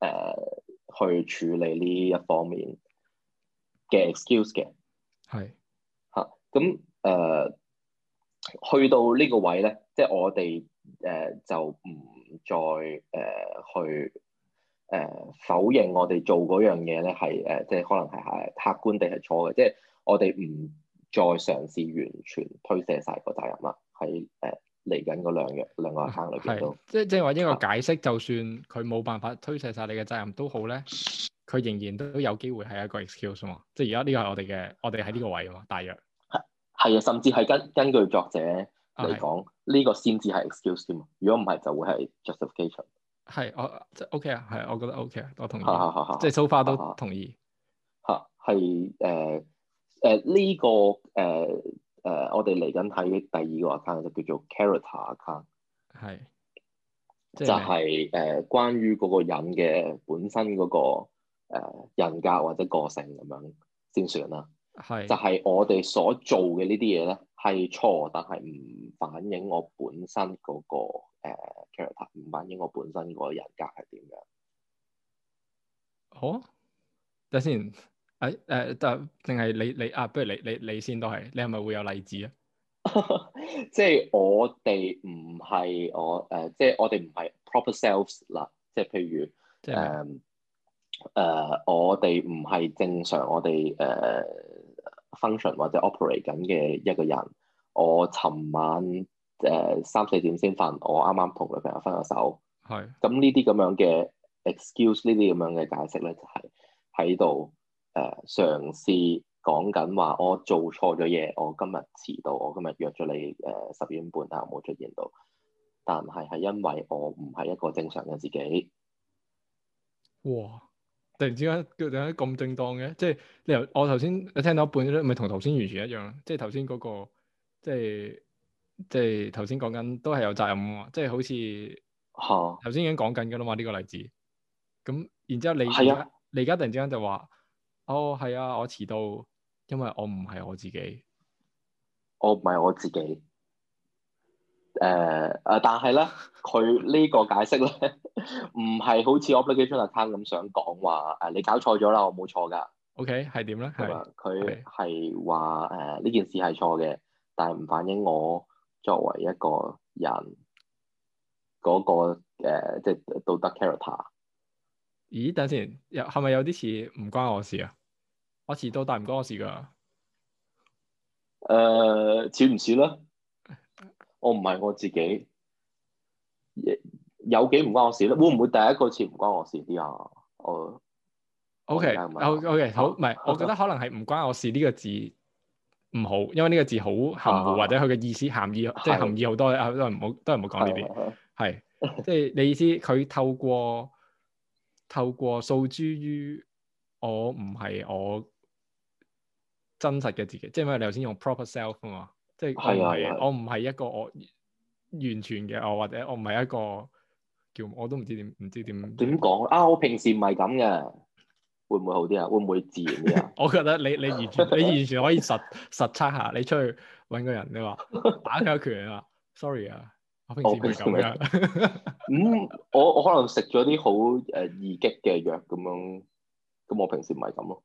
誒、呃、去處理呢一方面嘅 excuse 嘅，係吓咁誒去到呢個位咧。即係我哋誒就唔再誒去誒否認我哋做嗰樣嘢咧，係、呃、誒即係可能係客客觀地係錯嘅。即係我哋唔再嘗試完全推卸晒個責任啦。喺誒嚟緊嗰兩樣兩個行裏邊都，即即係話一個解釋，啊、就算佢冇辦法推卸晒你嘅責任都好咧，佢仍然都有機會係一個 excuse 嘛。即係而家呢個係我哋嘅，我哋喺呢個位啊嘛，大約係啊，甚至係根根據作者。嚟講，呢、啊、個先至係 excuse 啫嘛。如果唔係，就會係 justification。係，我即 OK 啊。係，我覺得 OK 啊。我同意。好好好，啊、即係 so far 都同意。嚇、啊，係誒誒呢個誒誒、呃呃，我哋嚟緊睇第二個 account 就叫做 character account。係，就係、是、誒、就是呃、關於嗰個人嘅本身嗰、那個、呃、人格或者個性咁樣先算啦。係，是就係我哋所做嘅呢啲嘢咧，係錯，但係唔反映我本身嗰、那個誒、呃、character，唔反映我本身個人格係點樣。好、哦，等先，誒、啊、誒，就淨係你你啊，不如你你你先都係，你係咪會有例子啊、 呃？即係我哋唔係我誒，即係我哋唔係 proper selves 嗱，即係譬如誒誒、呃即是 呃呃，我哋唔係正常我哋誒。呃 function 或者 operate 緊嘅一個人，我尋晚誒、呃、三四點先瞓，我啱啱同女朋友分咗手，係咁呢啲咁樣嘅 excuse，呢啲咁樣嘅解釋咧，就係喺度誒嘗試講緊話我做錯咗嘢，我今日遲到，我今日約咗你誒十二點半，但係冇出現到，但係係因為我唔係一個正常嘅自己，哇！突然之間叫點咁正當嘅？即係你由我頭先你聽到一半咧，咪同頭先完全一樣。即係頭先嗰個，即係即係頭先講緊都係有責任喎。即係好似嚇頭先已經講緊噶啦嘛，呢的個例子。咁然之後你係啊，的你而家突然之間就話：哦，係啊，我遲到，因為我唔係我自己，我唔係我自己。誒、呃、誒、呃，但係咧，佢呢個解釋咧。 唔係好似 obligation account 咁想講話，誒，你搞錯咗啦，我冇錯噶。OK，係點咧？佢係話，誒、呢、呃、件事係錯嘅，但係唔反映我作為一個人嗰、那個誒、呃，即係道德 character。咦，等陣先，是是有係咪有啲似？唔關我事啊？我遲到但唔關我事噶。誒、呃，似唔似咧？ 我唔係我自己。Yeah. 有幾唔關我事咧？會唔會第一個詞唔關我事啲啊？哦，OK，OK，好，唔係，我覺得可能係唔關我事呢個字唔好，因為呢個字好含糊，或者佢嘅意思含義即係含義好多都唔好，都係唔好講呢啲，係即係你意思，佢透過透過訴諸於我唔係我真實嘅自己，即係因為你頭先用 proper self 啊嘛，即係係啊，我唔係一個我完全嘅我，或者我唔係一個。叫我都唔知點，唔知點點講啊！我平時唔係咁嘅，會唔會好啲啊？會唔會自然啲啊？ 我覺得你你，你完全 你完全可以實實測下，你出去搵個人，你話打咗拳啊？Sorry 啊，我平時唔係咁樣。咁時、 嗯、我我可能食咗啲好誒易激嘅藥咁樣，咁我平時唔係咁咯。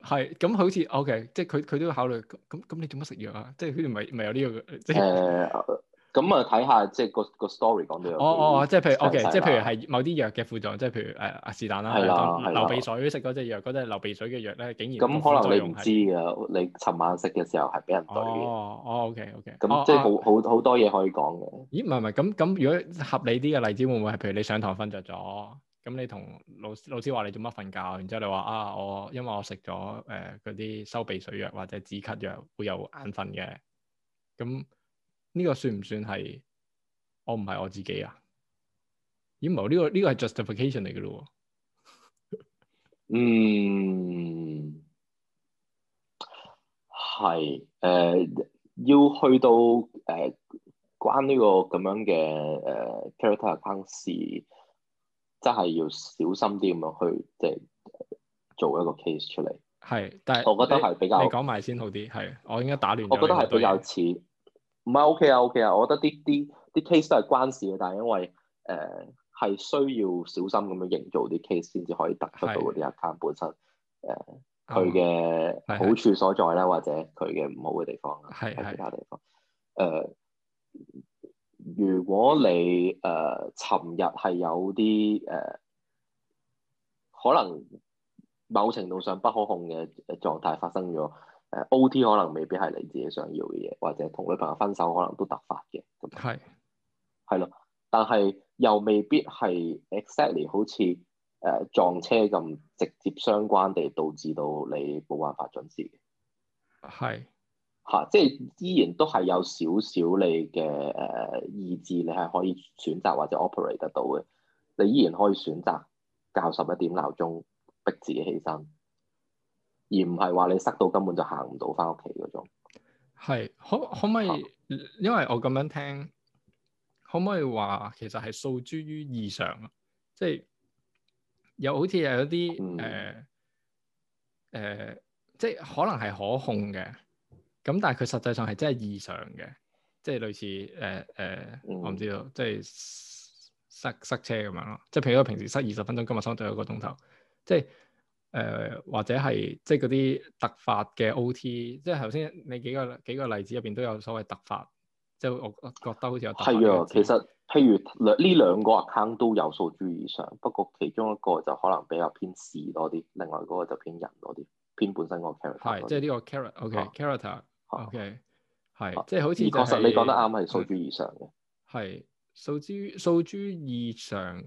係咁好似 OK，即係佢佢都要考慮咁咁，你做乜食藥啊？即係佢唔係唔係有呢、這個嘅？誒、就是。呃咁啊，睇下即係個個 story 講到哦哦，即係譬如 OK，即係譬如係某啲藥嘅副作用，即係譬如誒啊是但啦，流鼻水，食嗰隻藥嗰隻流鼻水嘅藥咧，竟然咁可能你唔知㗎，你尋晚食嘅時候係俾人對嘅。哦，OK OK，咁即係好好好多嘢可以講嘅。咦？唔係唔係，咁咁如果合理啲嘅例子會唔會係譬如你上堂瞓着咗，咁你同老師老師話你做乜瞓覺？然之後你話啊，我因為我食咗誒嗰啲收鼻水藥或者止咳藥會有眼瞓嘅，咁。呢個算唔算係我唔係我自己啊？咦，冇呢個呢、呢個係 justification 嚟嘅咯。嗯，係誒、呃、要去到誒、呃、關呢個咁樣嘅誒、呃、character account 事，真係要小心啲咁樣去即係做一個 case 出嚟。係，但係我覺得係比較你講埋先好啲。係，我應該打亂。我覺得係比較似。 唔係 OK 啊 OK 啊，我覺得啲啲啲 case 都係關事嘅，但係因為誒係、呃、需要小心咁樣營造啲 case 先至可以突出到嗰啲 account 是本身誒佢嘅好處所在啦，是是或者佢嘅唔好嘅地方喺其他地方。誒、呃，如果你誒尋、呃、日係有啲誒、呃、可能某程度上不可控嘅狀態發生咗。誒 O.T. 可能未必係你自己想要嘅嘢，或者同女朋友分手可能都突發嘅，咁係係咯，但係又未必係 exactly 好似誒、呃、撞車咁直接相關地導致到你冇辦法準時嘅，係嚇是、啊，即係依然都係有少少你嘅誒、呃、意志，你係可以選擇或者 operate 得到嘅，你依然可以選擇較十一點鬧鐘逼自己起身。而唔係話你塞到根本就行唔到翻屋企嗰種，係可可唔可以？因為我咁樣聽，可唔可以話其實係訴諸於異常啊？即係又好似有啲誒誒，即係可能係可控嘅，咁但係佢實際上係真係異常嘅，即係類似誒誒、呃，我唔知道，即係塞塞車咁樣咯。即係譬如我平時塞二十分鐘，今日塞咗一個鐘頭，即係。誒、呃，或者係即係嗰啲突發嘅 OT，即係頭先你幾個幾個例子入邊都有所謂突發，即係我我覺得好似有係啊。其實譬如呢兩個 account 都有數 G 以上，不過其中一個就可能比較偏事多啲，另外嗰個就偏人多啲，偏本身個 character。係，即係呢個 character，OK，character，OK，係，即係好似確實你講得啱，係數 G 以上嘅，係數 G 數 G 以上，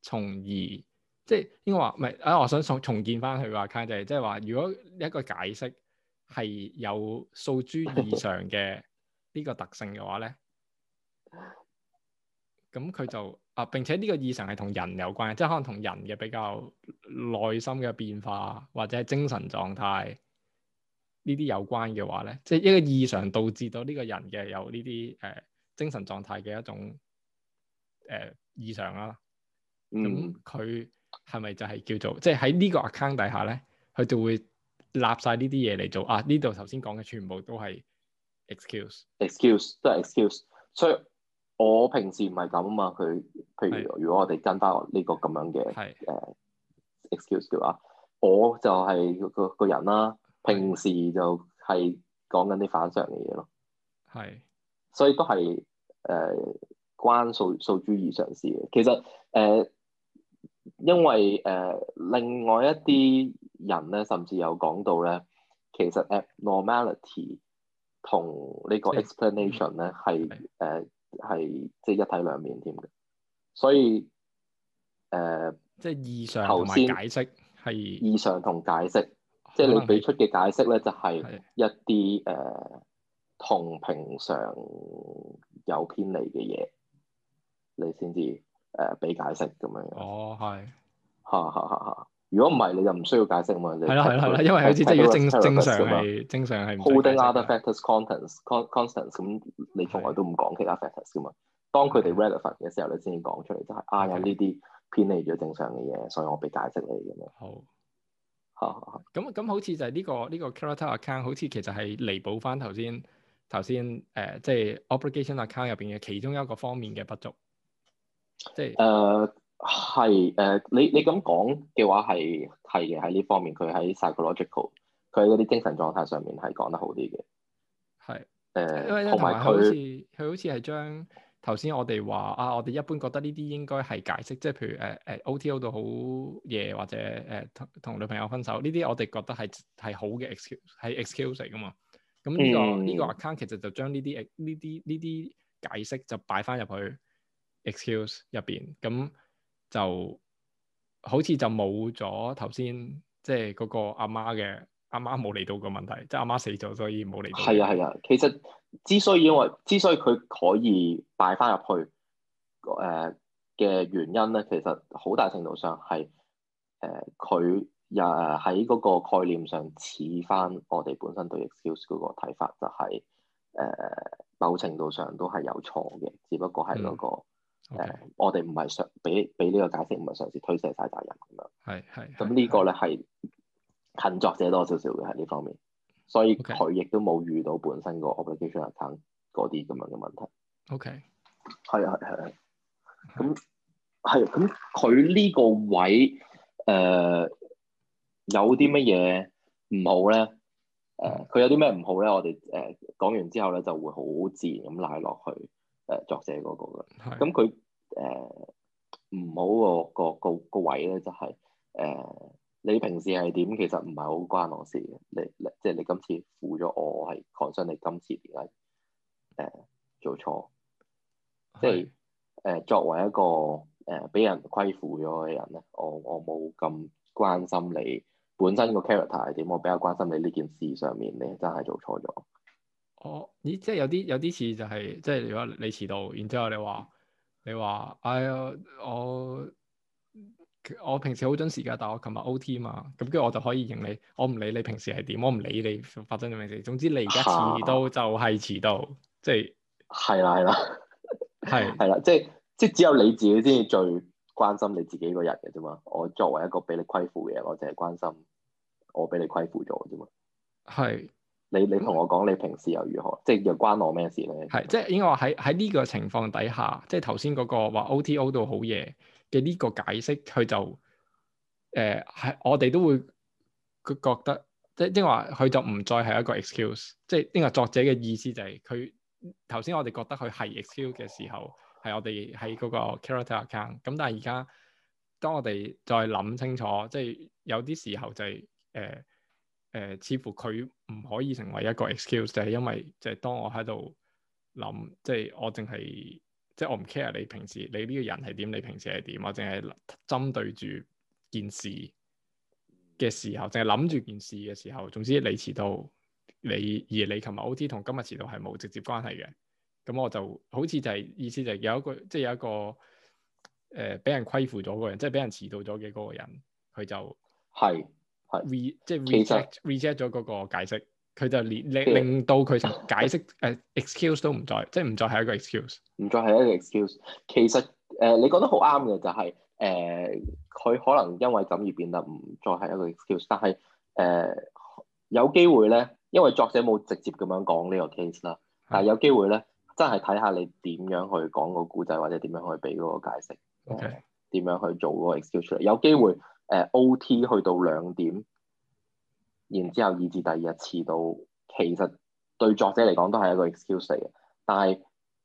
從而。即係應該話唔係啊，我想重重建翻佢話 card 就係即係話，如果一個解釋係有訴諸異常嘅呢個特性嘅話咧，咁佢就啊並且呢個異常係同人有關，即係可能同人嘅比較內心嘅變化或者係精神狀態呢啲有關嘅話咧，即係一個異常導致到呢個人嘅有呢啲誒精神狀態嘅一種誒、呃、異常啦、啊。咁佢。嗯係咪就係叫做，即係喺呢個 account 底下咧，佢就會立晒呢啲嘢嚟做啊？呢度頭先講嘅全部都係 excuse，excuse 都係 excuse。Excuse, excuse. 所以我平時唔係咁啊嘛，佢譬如如果我哋跟翻呢個咁樣嘅誒是、呃、excuse 嘅話，我就係、嗰個、嗰個人啦、啊，平時就係講緊啲反常嘅嘢咯。係是，所以都係誒、呃、關數數豬以上事嘅。其實誒。呃因為誒、呃，另外一啲人咧，甚至有講到咧，其實誒，normality 同呢個 explanation 咧係誒是係即係是、呃、一體兩面添嘅，所以誒、呃、即係異常同埋剛才 解釋係異常同解釋，是即係你俾出嘅解釋咧是就係一啲誒同平常有偏離嘅嘢，你先至。誒，俾解釋咁樣。哦，係，吓吓吓吓。如果唔係，你就唔需要解釋咁樣。係啦係啦係啦，因為好似即係正正常係正常係。Holding other factors constant, con constant，咁你從來都唔講其他 factors 嘅嘛。當佢哋 relevant 嘅時候，你先講出嚟就係啊，有呢啲偏離咗正常嘅嘢，所以我俾解釋你咁樣。好，吓。咁咁好似就係呢個呢個 character account，好似其實係彌補翻頭先頭先誒，即係 obligation account 入邊嘅其中一個方面嘅不足。誒，係誒、呃呃，你你咁講嘅話係係嘅，喺呢方面，佢喺 psychological，佢喺嗰啲精神狀態上面係講得好啲嘅，係誒是，因為，同埋佢，佢好似係將頭先我哋話啊，我哋一般覺得呢啲應該係解釋，即係譬如誒誒、呃、，O T O 到好夜或者誒同同女朋友分手呢啲，我哋覺得係係好嘅 excuse，係 excuse 嚟㗎嘛。咁呢個、嗯、呢個 account 其實就將呢啲誒呢啲呢啲解釋就擺返入去。excuse 入邊，咁就好似就冇咗頭先，即係嗰個阿媽嘅阿媽冇嚟到嘅問題，即係阿媽死咗，所以冇嚟到。係啊係啊，其實之所以因為之所以佢可以擺翻入去誒嘅、呃、原因咧，其實好大程度上係誒佢也喺嗰個概念上似翻我哋本身對 excuse 嗰個睇法，就係、是、誒、呃、某程度上都係有錯嘅，只不過係嗰、那個。嗯誒 Okay.、呃，我哋唔係嘗俾俾呢個解釋，唔係嘗試推卸晒責任咁樣。係係。咁呢個咧係近作者多少少嘅喺呢方面，所以佢亦 Okay. 都冇遇到本身個 obligation account 嗰啲咁樣嘅問題。OK，係啊係係。咁係咁，佢呢、啊啊、個位誒、呃、有啲乜嘢唔好咧？誒、呃，佢有啲咩唔好咧？我哋誒、呃、講完之後咧就會好自然咁拉落去誒、呃、作者嗰個咁佢。誒唔、呃、好個個個個位咧，就係、是、誒、呃、你平時係點，其實唔係好關我事嘅。你你即係你今次負咗我，我係講出你今次點解誒做錯，是 即係誒、呃、作為一個誒俾、呃、人虧負咗嘅人咧，我我冇咁關心你本身個 character 係點，我比較關心你呢件事上面你真係做錯咗。我、哦、咦，即係有啲有啲事就係、是、即係，如果你遲到，然之後你話。你話，哎呀，我我平時好準時嘅，但係我琴日 OT 嘛，咁跟住我就可以認你。我唔理你平時係點，我唔理你發生咗咩事。總之你而家遲到就係遲到，啊、即係係啦，係啦，係係啦，即係即係只有你自己先至最關心你自己個人嘅啫嘛。我作為一個俾你虧負嘅人，我淨係關心我俾你虧負咗啫嘛。係。你你同我講，你平時又如何？即係又關我咩事咧？係即係應該話喺喺呢個情況底下，即係頭先嗰個話 O T O 到好夜嘅呢個解釋，佢就誒係、呃、我哋都會佢覺得，即係即係話佢就唔再係一個 excuse。即係呢個作者嘅意思就係佢頭先我哋覺得佢係 excuse 嘅時候，係我哋喺嗰個 character account。咁但係而家當我哋再諗清楚，即係有啲時候就係、是、誒。呃誒、呃，似乎佢唔可以成為一個 excuse，就係因為，就係、是、當我喺度諗，即、就、係、是、我淨係，即、就、係、是、我唔 care 你平時你呢個人係點，你平時係點我淨係針對住件事嘅時候，淨係諗住件事嘅時候。總之你遲到，你而你琴日 OT 同今日遲到係冇直接關係嘅。咁我就好似就係、是、意思就係有一個，即、就、係、是、有一個誒，俾、呃、人虧負咗嗰個人，即係俾人遲到咗嘅嗰個人，佢就係。係 reject，reject 咗嗰個解釋，佢就令令的令到佢就解釋誒、 uh, excuse 都唔再，即係唔再係一個 excuse，唔再係一個 excuse。其實誒、呃、你講得好啱嘅就係、是、誒，佢、呃、可能因為咁而變得唔再係一個 excuse，但係誒、呃、有機會咧，因為作者冇直接咁樣講呢個 case 啦，但係有機會咧，真係睇下你點樣去講個故仔或者點樣去俾嗰個解釋，點 Okay. 樣去做嗰個 excuse 出嚟，有機會。嗯誒、uh, OT 去到兩點，然之後二至第二日遲到，其實對作者嚟講都係一個 excuse 嚟嘅，但係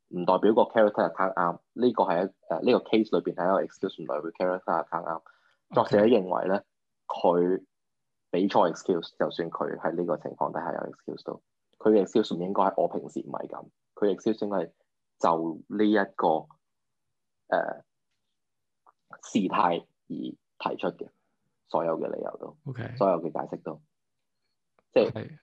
唔代表個 character account、right, 就撐啱。呢個係一誒呢個 case 裏邊係一個 excuse，唔代表 character account 就撐啱。作者認為咧，佢俾錯 excuse，就算佢喺呢個情況底下有 excuse 都，佢 excuse 唔應該係我平時唔係咁，佢 excuse 應該係就呢一個誒、uh, 事態而提出嘅。所有嘅理由都，Okay. 所有嘅解釋都，即係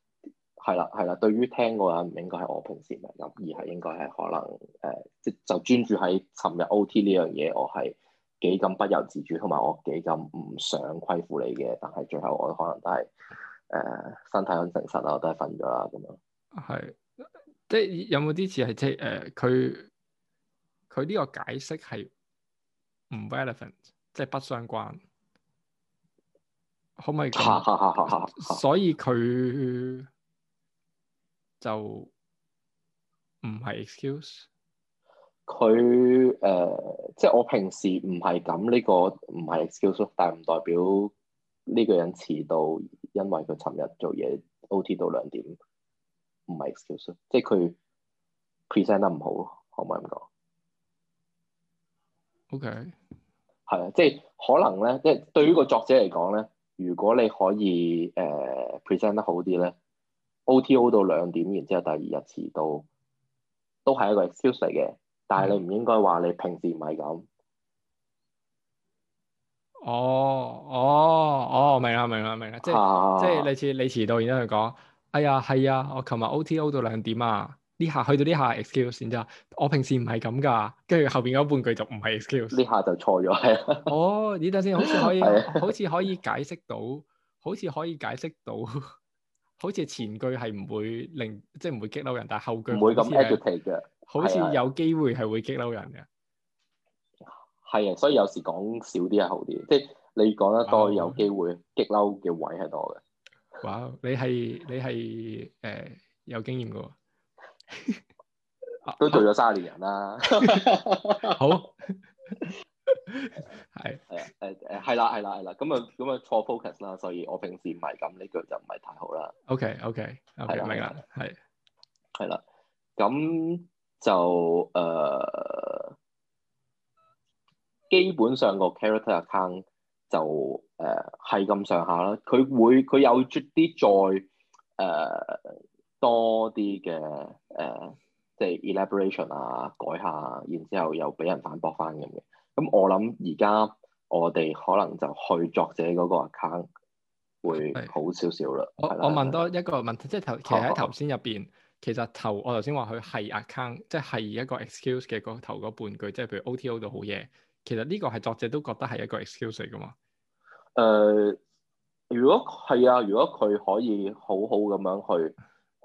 係啦，係啦的。對於聽嘅人，唔應該係我平時唔入，而係應該係可能誒，即、呃、就專注喺尋日 OT 呢樣嘢，我係幾咁不由自主，同埋我幾咁唔想虧負你嘅。但係最後我可能都係誒、呃、身體很誠實啦，我都係瞓咗啦咁樣。係，即有冇啲似係即誒？佢佢呢個解釋係唔 relevant 即係不相關。可唔可以？所以佢就唔係 excuse。佢、呃、誒，即係我平時唔係咁呢個，唔係 excuse，但係唔代表呢個人遲到，因為佢尋日做嘢 OT 到兩點，唔係 excuse。即係佢 present 得唔好，可唔可以咁講？OK，係啊，即係可能咧，即係對於個作者嚟講咧。如果你可以誒 present、呃、得好啲咧，OTO 到兩點，然之後第二日遲到，都係一個 excuse 嚟嘅。但係你唔應該話你平時唔係咁。哦哦哦，明啦明啦明啦，即係、啊、即係類似你遲到，然之後佢講，哎呀係啊，我琴日 OTO 到兩點啊。呢下去到呢下 excuse 先啫，我平時唔係咁㗎，跟住後邊嗰半句就唔係 excuse，呢下就錯咗。係、啊。哦，呢度先好似可以，啊、好似可以解釋到，好似可以解釋到，好似前句係唔會令，即係唔會激嬲人，但係後句唔會咁扯嘅，好似有機會係會激嬲人嘅。係啊，所以有時講少啲係好啲，即係你講得多有機，有機會激嬲嘅位係多嘅。哇，你係你係誒、呃、有經驗嘅喎。 都做咗卅年人啦， 好係係啊，誒誒係啦係啦係啦，咁啊咁啊錯 focus 啦，所以我平時唔係咁呢句就唔係太好啦。OK OK，明唔明啊？係係啦，咁就誒，基本上個 character account 就誒係咁上下啦，佢會佢有啲在誒。多啲嘅誒，即係 elaboration 啊，改下、啊，然之後又俾人反駁翻咁嘅。咁、嗯、我諗而家我哋可能就去作者嗰個 account 會好少少啦。是吧我我問多一個問題，即係頭其實喺頭先入邊，其實, 其實頭我頭先話佢係 account，即係一個 excuse 嘅嗰頭嗰半句，即係譬如、OT、O T O 度好嘢。其實呢個係作者都覺得係一個 excuse 嚟噶嘛。誒、呃，如果係啊，如果佢可以好好咁樣去。誒、uh，frame 好、哦、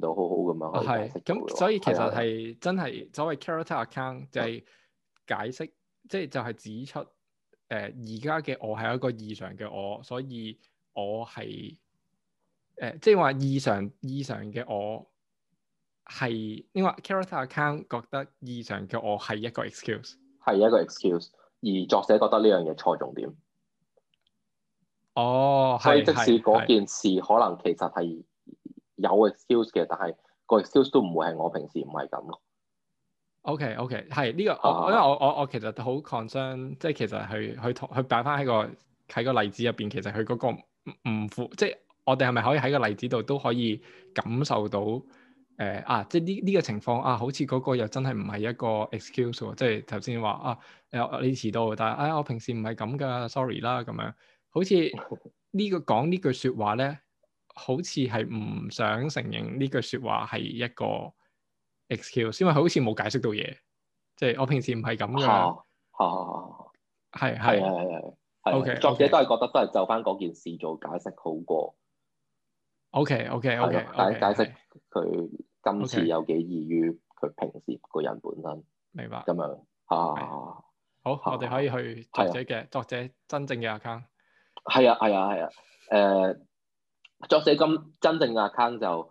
到好好咁樣。係，咁所以其實係真係所謂 character account 就係解釋，即係就係指出，誒而家嘅我係一個異常嘅我，所以我係誒，即係話異常異常嘅我係，因為 character account 覺得異常嘅我係一個 excuse，係一個 excuse，而作者覺得呢樣嘢錯重點。哦，所以即使嗰件事可能其實係。有 excuse 嘅，但係個 excuse 都唔會係，我平時唔係咁咯。OK，OK，係呢個、uh, 我，因為我我我其實好 concern，即係其實去去同去擺翻喺個喺個例子入邊，其實佢嗰個唔符，即係我哋係咪可以喺個例子度都可以感受到誒啊、呃？即係呢呢個情況啊，好似嗰個又真係唔係一個 excuse 喎。即係頭先話啊，誒你遲到，但係誒、啊、我平時唔係咁㗎，sorry 啦咁樣。好似、這個、呢個講呢句説話咧。好似係唔想承認呢句説話係一個 excuse 因為佢好似冇解釋到嘢。即係我平時唔係咁嘅。嚇嚇嚇嚇嚇，係係係 O.K. 作者都係覺得都係就翻嗰件事做解釋好過。O.K.O.K.O.K. 解解釋佢今次有幾異於佢平時個人本身。明白。咁樣。嚇好，我哋可以去作者嘅作者真正嘅 account。係啊係啊係啊。誒。作者咁真正嘅 account 就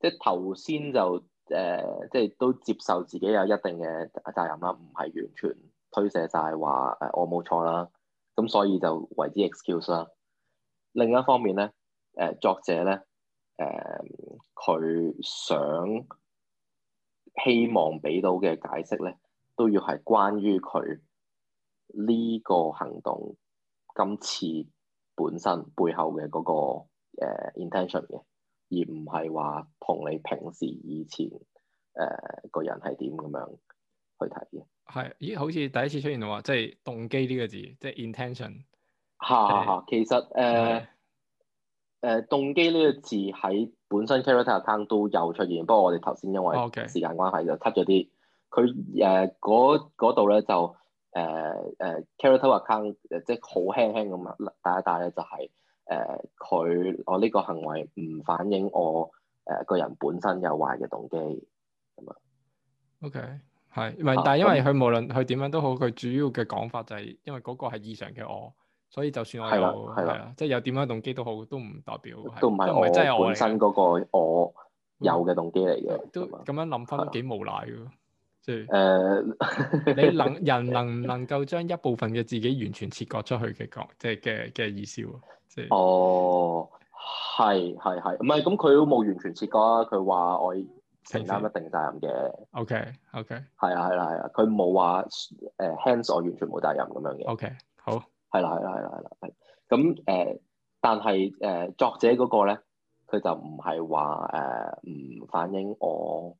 即係頭先就誒、呃、即係都接受自己有一定嘅責任啦，唔係完全推卸晒，話誒我冇錯啦。咁所以就為之 excuse 啦。另一方面咧，誒、呃、作者咧，誒、呃、佢想希望俾到嘅解釋咧，都要係關於佢呢個行動今次本身背後嘅嗰、嗰個。誒、uh, intention 嘅，而唔係話同你平時以前誒、uh, 個人係點咁樣去睇嘅。係，咦？好似第一次出現話，即係動機呢個字，即係 intention。嚇嚇、呃，其實誒誒、uh, 的呃、動機呢個字喺本身 character account 都有出現，不過我哋頭先因為時間關係就 cut 咗啲。佢誒嗰度咧就誒誒、uh, uh, character account 誒，即係好輕輕咁帶一帶咧、就係，就係。誒佢、呃、我呢個行為唔反映我誒、呃、個人本身有壞嘅動機咁啊。O K 係唔係？但係因為佢無論佢點樣都好，佢、啊、主要嘅講法就係因為嗰個係異常嘅我，所以就算我係啦係啦，即係的、就是、有點樣動機都好，都唔代表都唔係我本身嗰個我有嘅動機嚟嘅。嗯、都咁樣諗翻幾無賴㗎？即係誒你能人能唔能夠將一部分嘅自己完全切割出去嘅講，即係嘅嘅意思喎。哦，係係係，唔係咁佢冇完全切割啊，佢話我承擔一定責任嘅。時的 OK OK，係啊係啦係啊，佢冇話誒 hence 我完全冇責任咁樣嘅。OK 的好，係啦係啦係啦係啦，咁誒、呃，但係誒、呃、作者嗰個咧，佢就唔係話誒唔反映我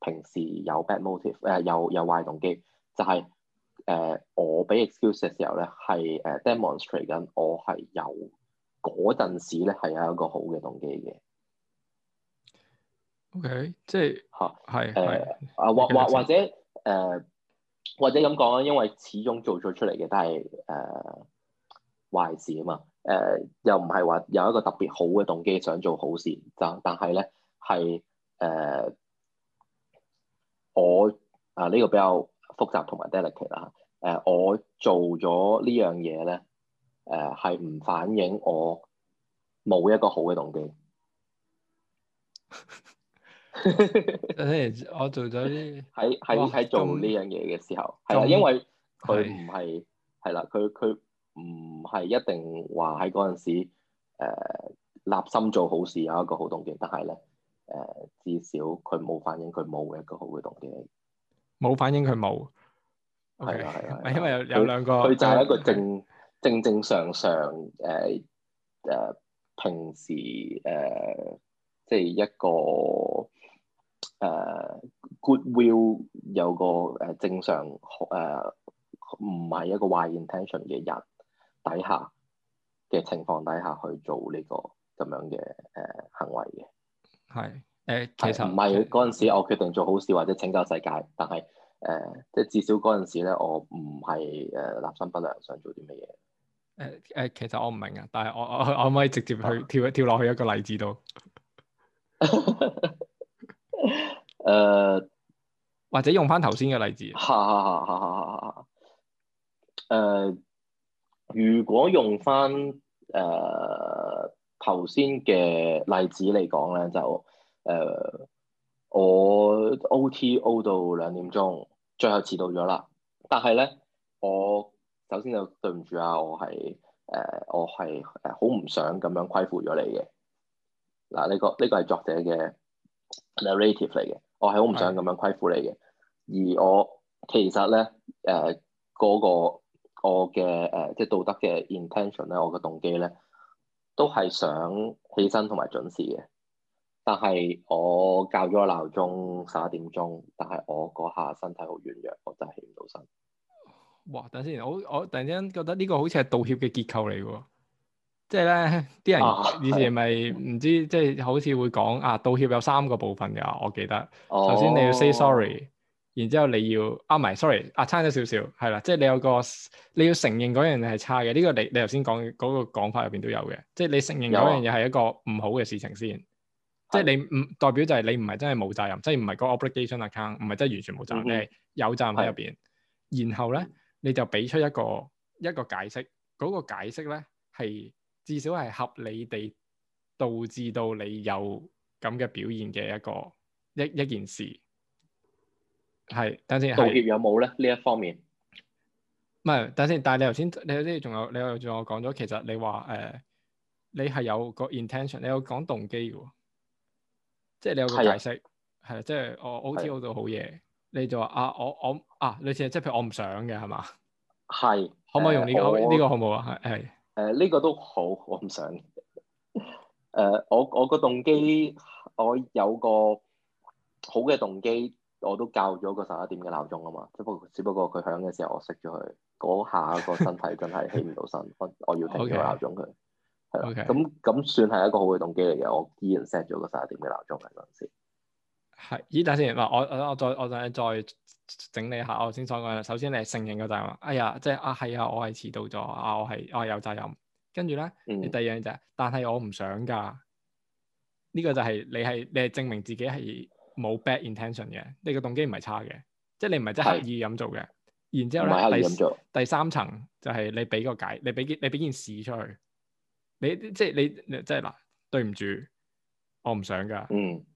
平時有 bad motive 誒、呃、有有壞動機，就係、是。誒、呃，我俾 excuse 嘅時候咧，係誒 demonstrate 緊，我係有嗰陣時咧係有一個好嘅動機嘅。OK，即係吓，係誒啊，或或或者誒，或者咁講啊，因為始終做咗出嚟嘅都係誒、呃、壞事啊嘛。誒、呃、又唔係話有一個特別好嘅動機想做好事，就但係咧係誒我啊呢、呃這個比較。複雜同埋 delicate 啦、呃，誒我做咗呢樣嘢咧，誒係唔反映我冇一個好嘅動機。我做咗喺喺喺做呢樣嘢嘅時候，係麼因為佢唔係係啦，佢佢唔係一定話喺嗰陣時、呃、立心做好事有一個好，、呃、一個好動機，但係咧誒至少佢冇反映佢冇一個好嘅動機。冇反應，佢冇，係啊係啊，啊啊因為有他有兩個，佢就係一個正、啊、正正常常誒誒平時誒、呃，即係一個誒、呃、goodwill 有個誒正常誒，唔、呃、係一個壞 intention 嘅人底下嘅情況底下去做呢、這個咁樣嘅誒、呃、行為嘅，係。誒、欸，其實唔係嗰陣時，我決定做好事或者拯救世界，但係誒，即係至少嗰陣時咧，我唔係誒，立心不良想做啲乜嘢。誒誒、欸欸，其實我唔明啊，但係我我可唔可以直接去跳一跳落去一個例子度？誒、 呃，或者用翻頭先嘅例子。吓吓吓吓吓吓吓！誒、呃，如果用翻誒頭先嘅例子嚟講咧，就。誒，uh, 我 OTO 到兩點鐘，最後遲到咗啦。但係咧，我首先就對唔住啊，我係誒、呃，我係誒，好唔想咁樣虧負咗你嘅。嗱，呢個呢個係作者嘅 narrative 嚟嘅，我係好唔想咁樣虧負你嘅。是的 而我其實咧，誒、呃、嗰、那個我嘅誒，即、呃、係道德嘅 intention 咧，我嘅動機咧，都係想起身同埋準時嘅。但係我校咗個鬧鐘十一點鐘，但係我嗰下身體好軟弱，我真係起唔到身。哇！等先，我我突然間覺得呢個好似係道歉嘅結構嚟嘅，即係咧啲人以前咪唔知，即係好似會講啊道歉有三個部分嘅，我記得。哦。首先你要 say sorry，然之後你要啊，唔係 sorry 啊，差咗少少係啦，即係你有個你要承認嗰樣嘢係差嘅。呢個你你頭先講嗰個講法入邊都有嘅，即係你承認嗰樣嘢係一個唔好嘅事情先。即係你唔代表就係你唔係真係冇責任，即係唔係個 obligation account，唔係真係完全冇責任，係、嗯嗯、有責任喺入邊。的然後咧，你就俾出一個一個解釋，嗰、那個解釋咧係至少係合理地導致到你有咁嘅表現嘅一個一一件事。係等先，道歉有冇咧呢一方面？唔係等先，但係你頭先你頭先仲有你又仲有，有我講咗，其實你話誒、呃，你係有個 intention，你有講動機嘅。即係你有個解釋，係啊的，即係我 OT 到好夜。的你就話啊，我我啊，類似即係譬如我唔想嘅係嘛？係，的可唔可以用呢、呢個呢我個好唔好啊？係係誒呢個都好，我唔想誒、 呃、我我個動機，我有個好嘅動機，我都校咗個十一點嘅鬧鐘啊嘛，只不過只不過佢響嘅時候我熄咗佢，嗰下個身體真係起唔到身， 我要停咗鬧鐘佢。Okay. 係啦，咁咁 Okay.、嗯、算係一個好嘅動機嚟嘅。我依然 set 咗個十一點嘅鬧鐘嘅嗰陣時，係咦？等下先，唔我我再我再整理一下我頭先所講。首先，你係承認個責任，哎呀，即係啊，係啊，我係遲到咗啊，我係我係有責任。跟住咧，第二樣就係，嗯、但係我唔想噶呢、這個就係你係你係證明自己係冇 bad intention 嘅，呢個動機唔係差嘅，即係你唔係真刻意咁做嘅。是然之後咧，第三層就係你俾個解，你俾件你俾件事出去。你即係你，即係嗱，對唔住，我唔想噶、嗯。嗯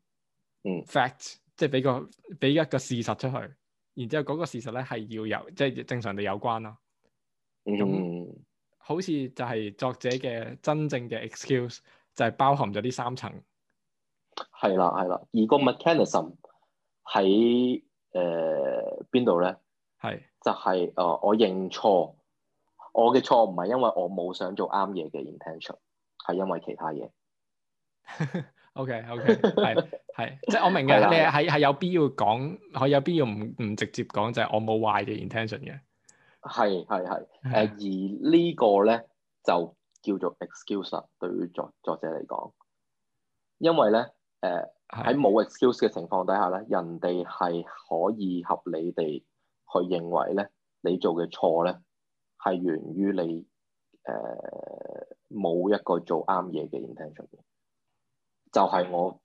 嗯，fact 即係俾個俾一個事實出去，然之後嗰個事實咧係要由，即、就、係、是、正常地有關啦。咁、嗯、好似就係作者嘅真正嘅 excuse 就係包含咗呢三層。係啦，係啦，而個 mechanism 喺誒邊、嗯、度咧？係、呃、是就係、是、誒、呃、我認錯。我嘅錯唔係因為我冇想做啱嘢嘅 intention，係因為其他嘢。 OK OK，係係， 即係我明嘅，你係係有必要講，係有必要唔唔直接講，就係、是、我冇壞嘅 intention 嘅。係係係，誒而呢個咧就叫做 excuse，對於作作者嚟講，因為咧誒喺、呃、冇 excuse 嘅情況底下咧，是人哋係可以合理地去認為咧你做嘅錯咧。係源於你誒冇、呃、一個做啱嘢嘅 intention，就係我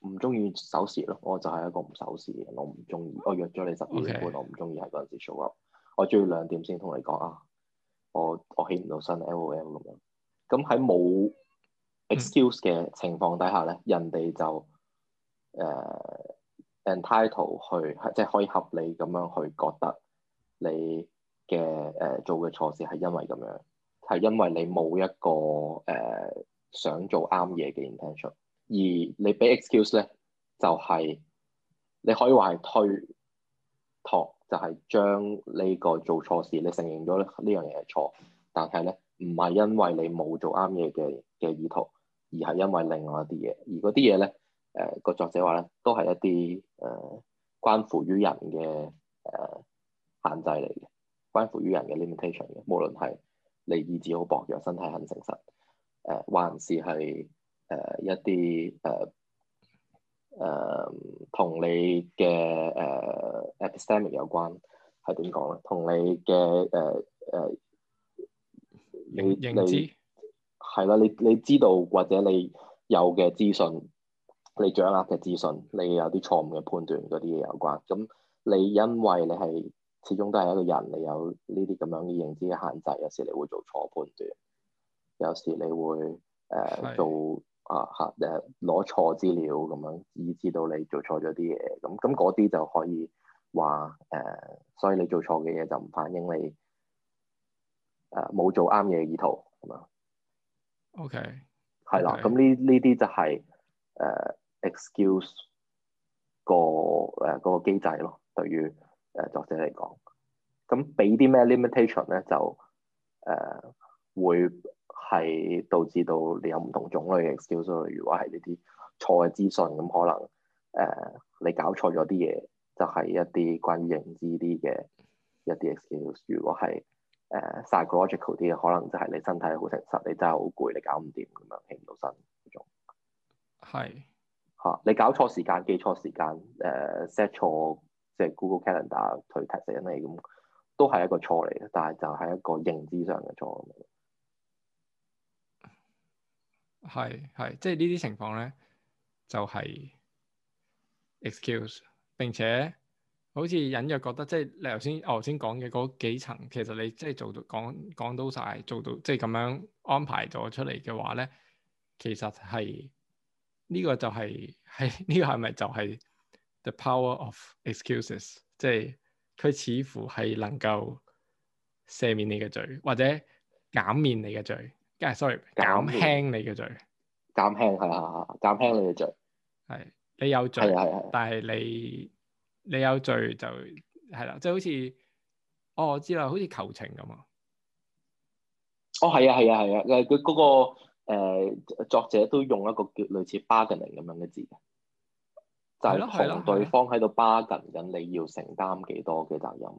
唔中意守時咯。我就係一個唔守時嘅，我唔中意。我約咗你十二點半，Okay. 我唔中意喺嗰陣時 show up。我中意兩點先同你講啊。我我起唔到身，L O M 咁樣。咁喺冇 excuse 嘅情況底下咧，hmm. 人哋就誒、呃、entitle 去，即係可以合理咁樣去覺得你嘅誒、呃、做嘅錯事係因為咁樣，係因為你冇一個誒、呃、想做啱嘢嘅 intention，而你俾 excuse 咧就係、是、你可以話係推託，就係將呢個做錯事，你承認咗呢樣嘢係錯，但係咧唔係因為你冇做啱嘢嘅嘅意圖，而係因為另外一啲嘢，而嗰啲嘢咧誒個作者話咧都係一啲誒、呃、關乎於人嘅誒限制嚟嘅。關乎於人嘅 limitation 嘅，無論係你意志好薄弱、身體很誠實，誒、呃，還是係誒、呃、一啲誒誒同你嘅誒、呃、epistemic 有關，係點講咧？同你嘅誒誒你你係啦，你知你，你，你知道或者你有嘅資訊，你掌握嘅資訊，你有啲錯誤嘅判斷嗰啲嘢有關。咁你因為你係始終都係一個人，你有呢啲咁樣嘅認知嘅限制，有時你會做錯判斷，有時你會誒、呃、是做啊嚇誒攞錯資料咁樣，以致到你做錯咗啲嘢，咁咁嗰啲就可以話誒、呃，所以你做錯嘅嘢就唔反映你誒冇、呃、做啱嘢嘅意圖，係嘛？OK，係啦，咁呢呢啲就係、是、誒、呃、excuse the,、呃、the, 個誒嗰個機制咯，對於。誒作者嚟講，咁俾啲咩 limitation 咧，就誒、呃、會係導致到你有唔同種類嘅 excuse。如果係呢啲錯嘅資訊，咁可能誒、呃、你搞錯咗啲嘢，就係、是、一啲關於認知啲嘅一啲 excuse。如果係誒、呃、psychological 啲嘅，可能就係你身體好誠實，你真係好攰，你搞唔掂咁樣起唔到身嗰種。係吓、啊、你搞錯時間，記錯時間，誒 set 錯。即係 Google Calendar 去提醒你咁，都係一個錯嚟嘅，但係就係一個認知上嘅錯。係係，即係呢啲情況咧，就係 excuse。並且好似隱約覺得，即係你頭先我頭先講嘅嗰幾層，其實你即係做到講講到晒，做到即係咁樣安排咗出嚟嘅話咧，其實係呢個就係係呢個係咪就係？The power of excuses，即係佢似乎係能夠赦免你嘅罪，或者減免你嘅罪。梗係，sorry，減輕你嘅罪。減輕係啊，減輕你嘅罪。係，你有罪，但係你你有罪就係啦，就好似哦，我知啦，好似求情咁啊。哦，係啊，係啊，係啊，誒，佢嗰個作者都用一個叫類似 bargaining 咁樣嘅字。就係咯，可能對方喺度巴緊緊，你要承擔幾多嘅責任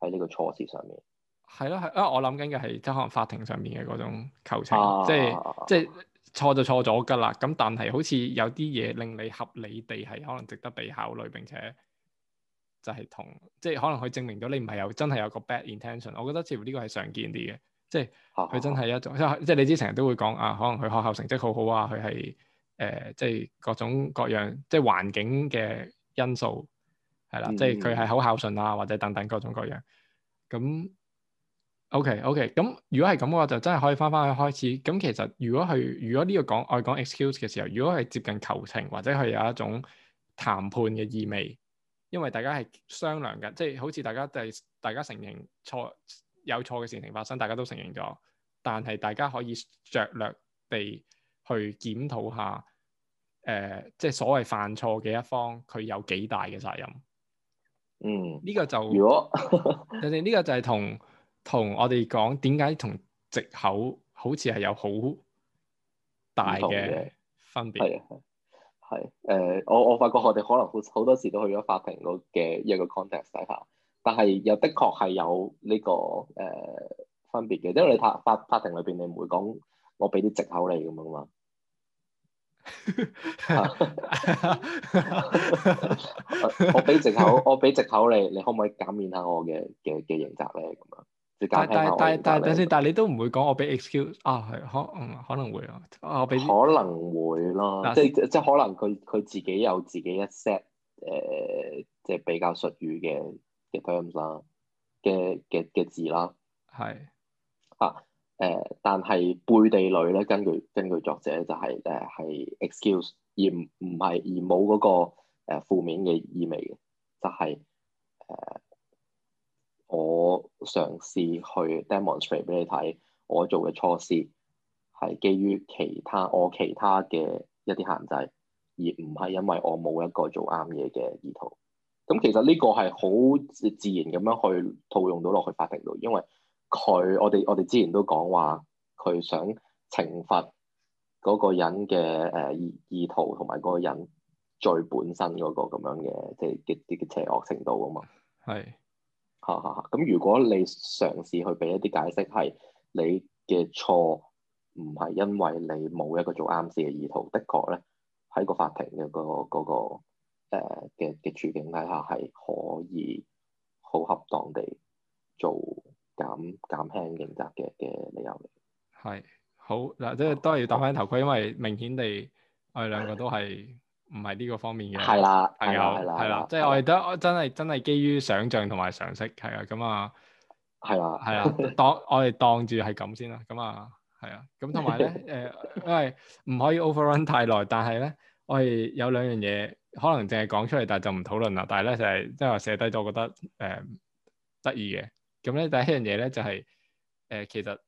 喺呢個錯事上面？係咯係，因為我諗緊嘅係即係可能法庭上面嘅嗰種求情，啊、即係、啊、即係錯就錯咗㗎啦。咁但係好似有啲嘢令你合理地係可能值得被考慮，並且就係同即係可能佢證明咗你唔係有真係有個 bad intention。我覺得似乎呢個係常見啲嘅，即係佢真係一種、啊啊、即係你之前成日都會講啊，可能佢學校成績好好啊，佢係。誒、呃，即係各種各樣，即係環境嘅因素，係啦，嗯、即係佢係好孝順啊，或者等等各種各樣。咁 OK OK，咁如果係咁嘅話，就真係可以返返去開始。咁其實如果係如果呢個講愛講 excuse 嘅時候，如果係接近求情或者係有一種談判嘅意味，因為大家係商量緊，即係好似大家就係大家承認錯有錯嘅事情發生，大家都承認咗，但係大家可以着略地。去檢討下，誒、呃，即係所謂犯錯嘅一方，佢有幾大嘅責任？嗯，呢個就如果你哋呢個就係同同我哋講點解同藉口好似係有好大嘅分別？係啊，係誒、呃，我我發覺我哋可能好好多時都去咗法庭嘅一個 context 底下，但係又的確係有呢、這個誒、呃、分別嘅，因為你法法法庭裏邊你唔會講。我俾啲藉口你咁樣㗎嘛，我俾藉口， 我俾藉口你， 你可唔可以減免下我嘅嘅嘅刑責咧咁啊？但但但但等先，但你都唔會講我俾 excuse 啊？係可、嗯、可能會啊，我俾可能會咯，是即即即可能佢佢自己有自己一 set 誒、呃，即比較術語嘅 terms 啦，嘅嘅嘅字啦，係啊。 誒、呃，但係背地裏咧，根據根據作者就係誒係 excuse，而唔唔係而冇嗰、那個誒、呃、負面嘅意味嘅，就係、是、誒、呃、我嘗試去 demonstrate 俾你睇，我做嘅錯事係基於其他我其他嘅一啲限制，而唔係因為我冇一個做啱嘢嘅意圖。咁、嗯、其實呢個係好自然咁樣去套用到落去法庭度，因為。佢我哋我哋之前都講話，佢想懲罰嗰個人嘅誒意意圖，同埋嗰個人最本身嗰個咁樣嘅，即係嘅嘅邪惡程度啊嘛。係，嚇嚇嚇！咁 如果你嘗試去俾一啲解釋，係你嘅錯唔係因為你冇一個做啱事嘅意圖，的確咧喺個法庭嘅、那個嗰、嗰個嘅嘅、呃、處境底下係可以好恰當地做。減減輕刑責嘅嘅理由嚟，係好，嗱，即係都係要戴翻頭盔，因為明顯地，我哋兩個都係唔係呢個方面嘅，係啦，係啦，係啦，即係我哋都真係真係基於想象同埋常識，係啊，咁啊，係啦，係啦，當我哋當住係咁先啦，咁啊，係啊，咁同埋咧，誒，因為唔可以 overrun 太耐，但係咧，我哋有兩樣嘢可能淨係講出嚟，但係就唔討論啦。但係咧就係即係話寫低咗，我覺得誒得意嘅。咁咧，第一樣嘢咧就係、是，誒、呃，其實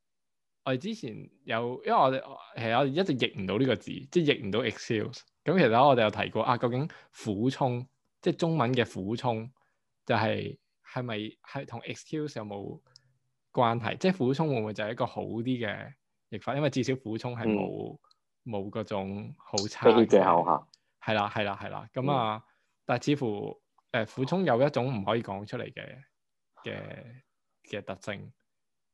我哋之前有，因為我哋，其實一直譯唔到呢個字，即係譯唔到 excels。咁其實我哋有提過啊，究竟苦衷，即係中文嘅苦衷，就係係咪係同 excuse 有冇關係？即係苦衷會唔會就係一個好啲嘅譯法？因為至少苦衷係冇冇嗰種好差嘅藉口嚇。係啦、嗯，係啦，係啦。咁啊、嗯，但係似乎誒苦衷有一種唔可以講出嚟嘅嘅。嘅特性，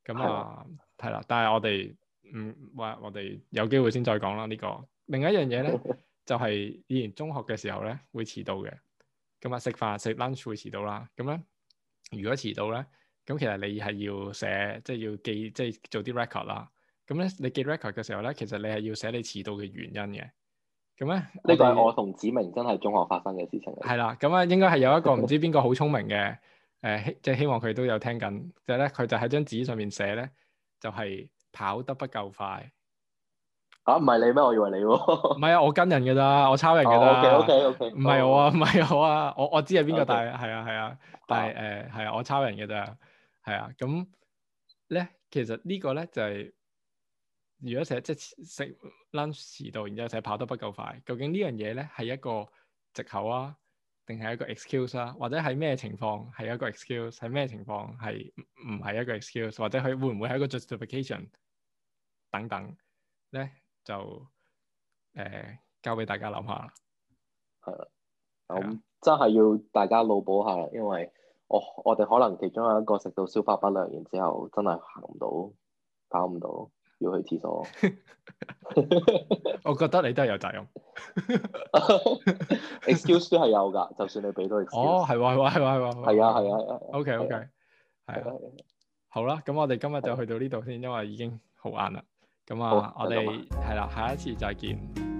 咁啊，係啦、嗯，但係我哋唔、嗯，我我哋有機會先再講啦。呢、呢個另一樣嘢咧， 就係以前中學嘅時候咧，會遲到嘅，咁啊食飯食 lunch 會遲到啦。咁咧，如果遲到咧，咁其實你係要寫，即、就、係、是、要記，即、就、係、是、做啲 record 啦。咁咧，你記 record 嘅時候咧，其實你係要寫你遲到嘅原因嘅。咁咧，呢個係我同子明真係中學發生嘅事情。係啦，咁啊，應該係有一個唔知邊個好聰明嘅。 誒，希即係希望佢都有聽緊，即係咧佢就喺張紙上面寫咧，就係、是就是、跑得不夠快。啊，唔係你咩？我以為你喎、啊。唔係啊，我跟人嘅咋，我抄人嘅咋。O K O K O K。唔係我啊, okay, okay, okay.，唔係我啊，我我知係邊個，Okay. 但係係啊係啊，啊啊但係誒係啊，我抄人嘅咋，係啊。咁咧，其實呢個咧就係、是、如果寫即係食 lunch 遲到，然之後寫跑得不夠快，究竟呢樣嘢咧係一個借口啊？定係一個 excuse 啦，或者係咩情況係一個 excuse，係咩情況係唔係一個 excuse，或者佢會唔會係一個 justification 等等咧，就誒、呃、交俾大家諗下啦。係啦的，咁的真係要大家腦補下，因為、哦、我我哋可能其中有一個食到消化不良，然之後真係行唔到，跑唔到。要去廁所，我覺得你都係有責任，excuse 都係有噶，就算你俾多佢。哦，係喎係喎係喎，係啊係啊，OK OK，係啊，好啦，咁我哋今日就去到呢度先，因為已經好晏啦。咁啊，我哋係啦，下一次再見。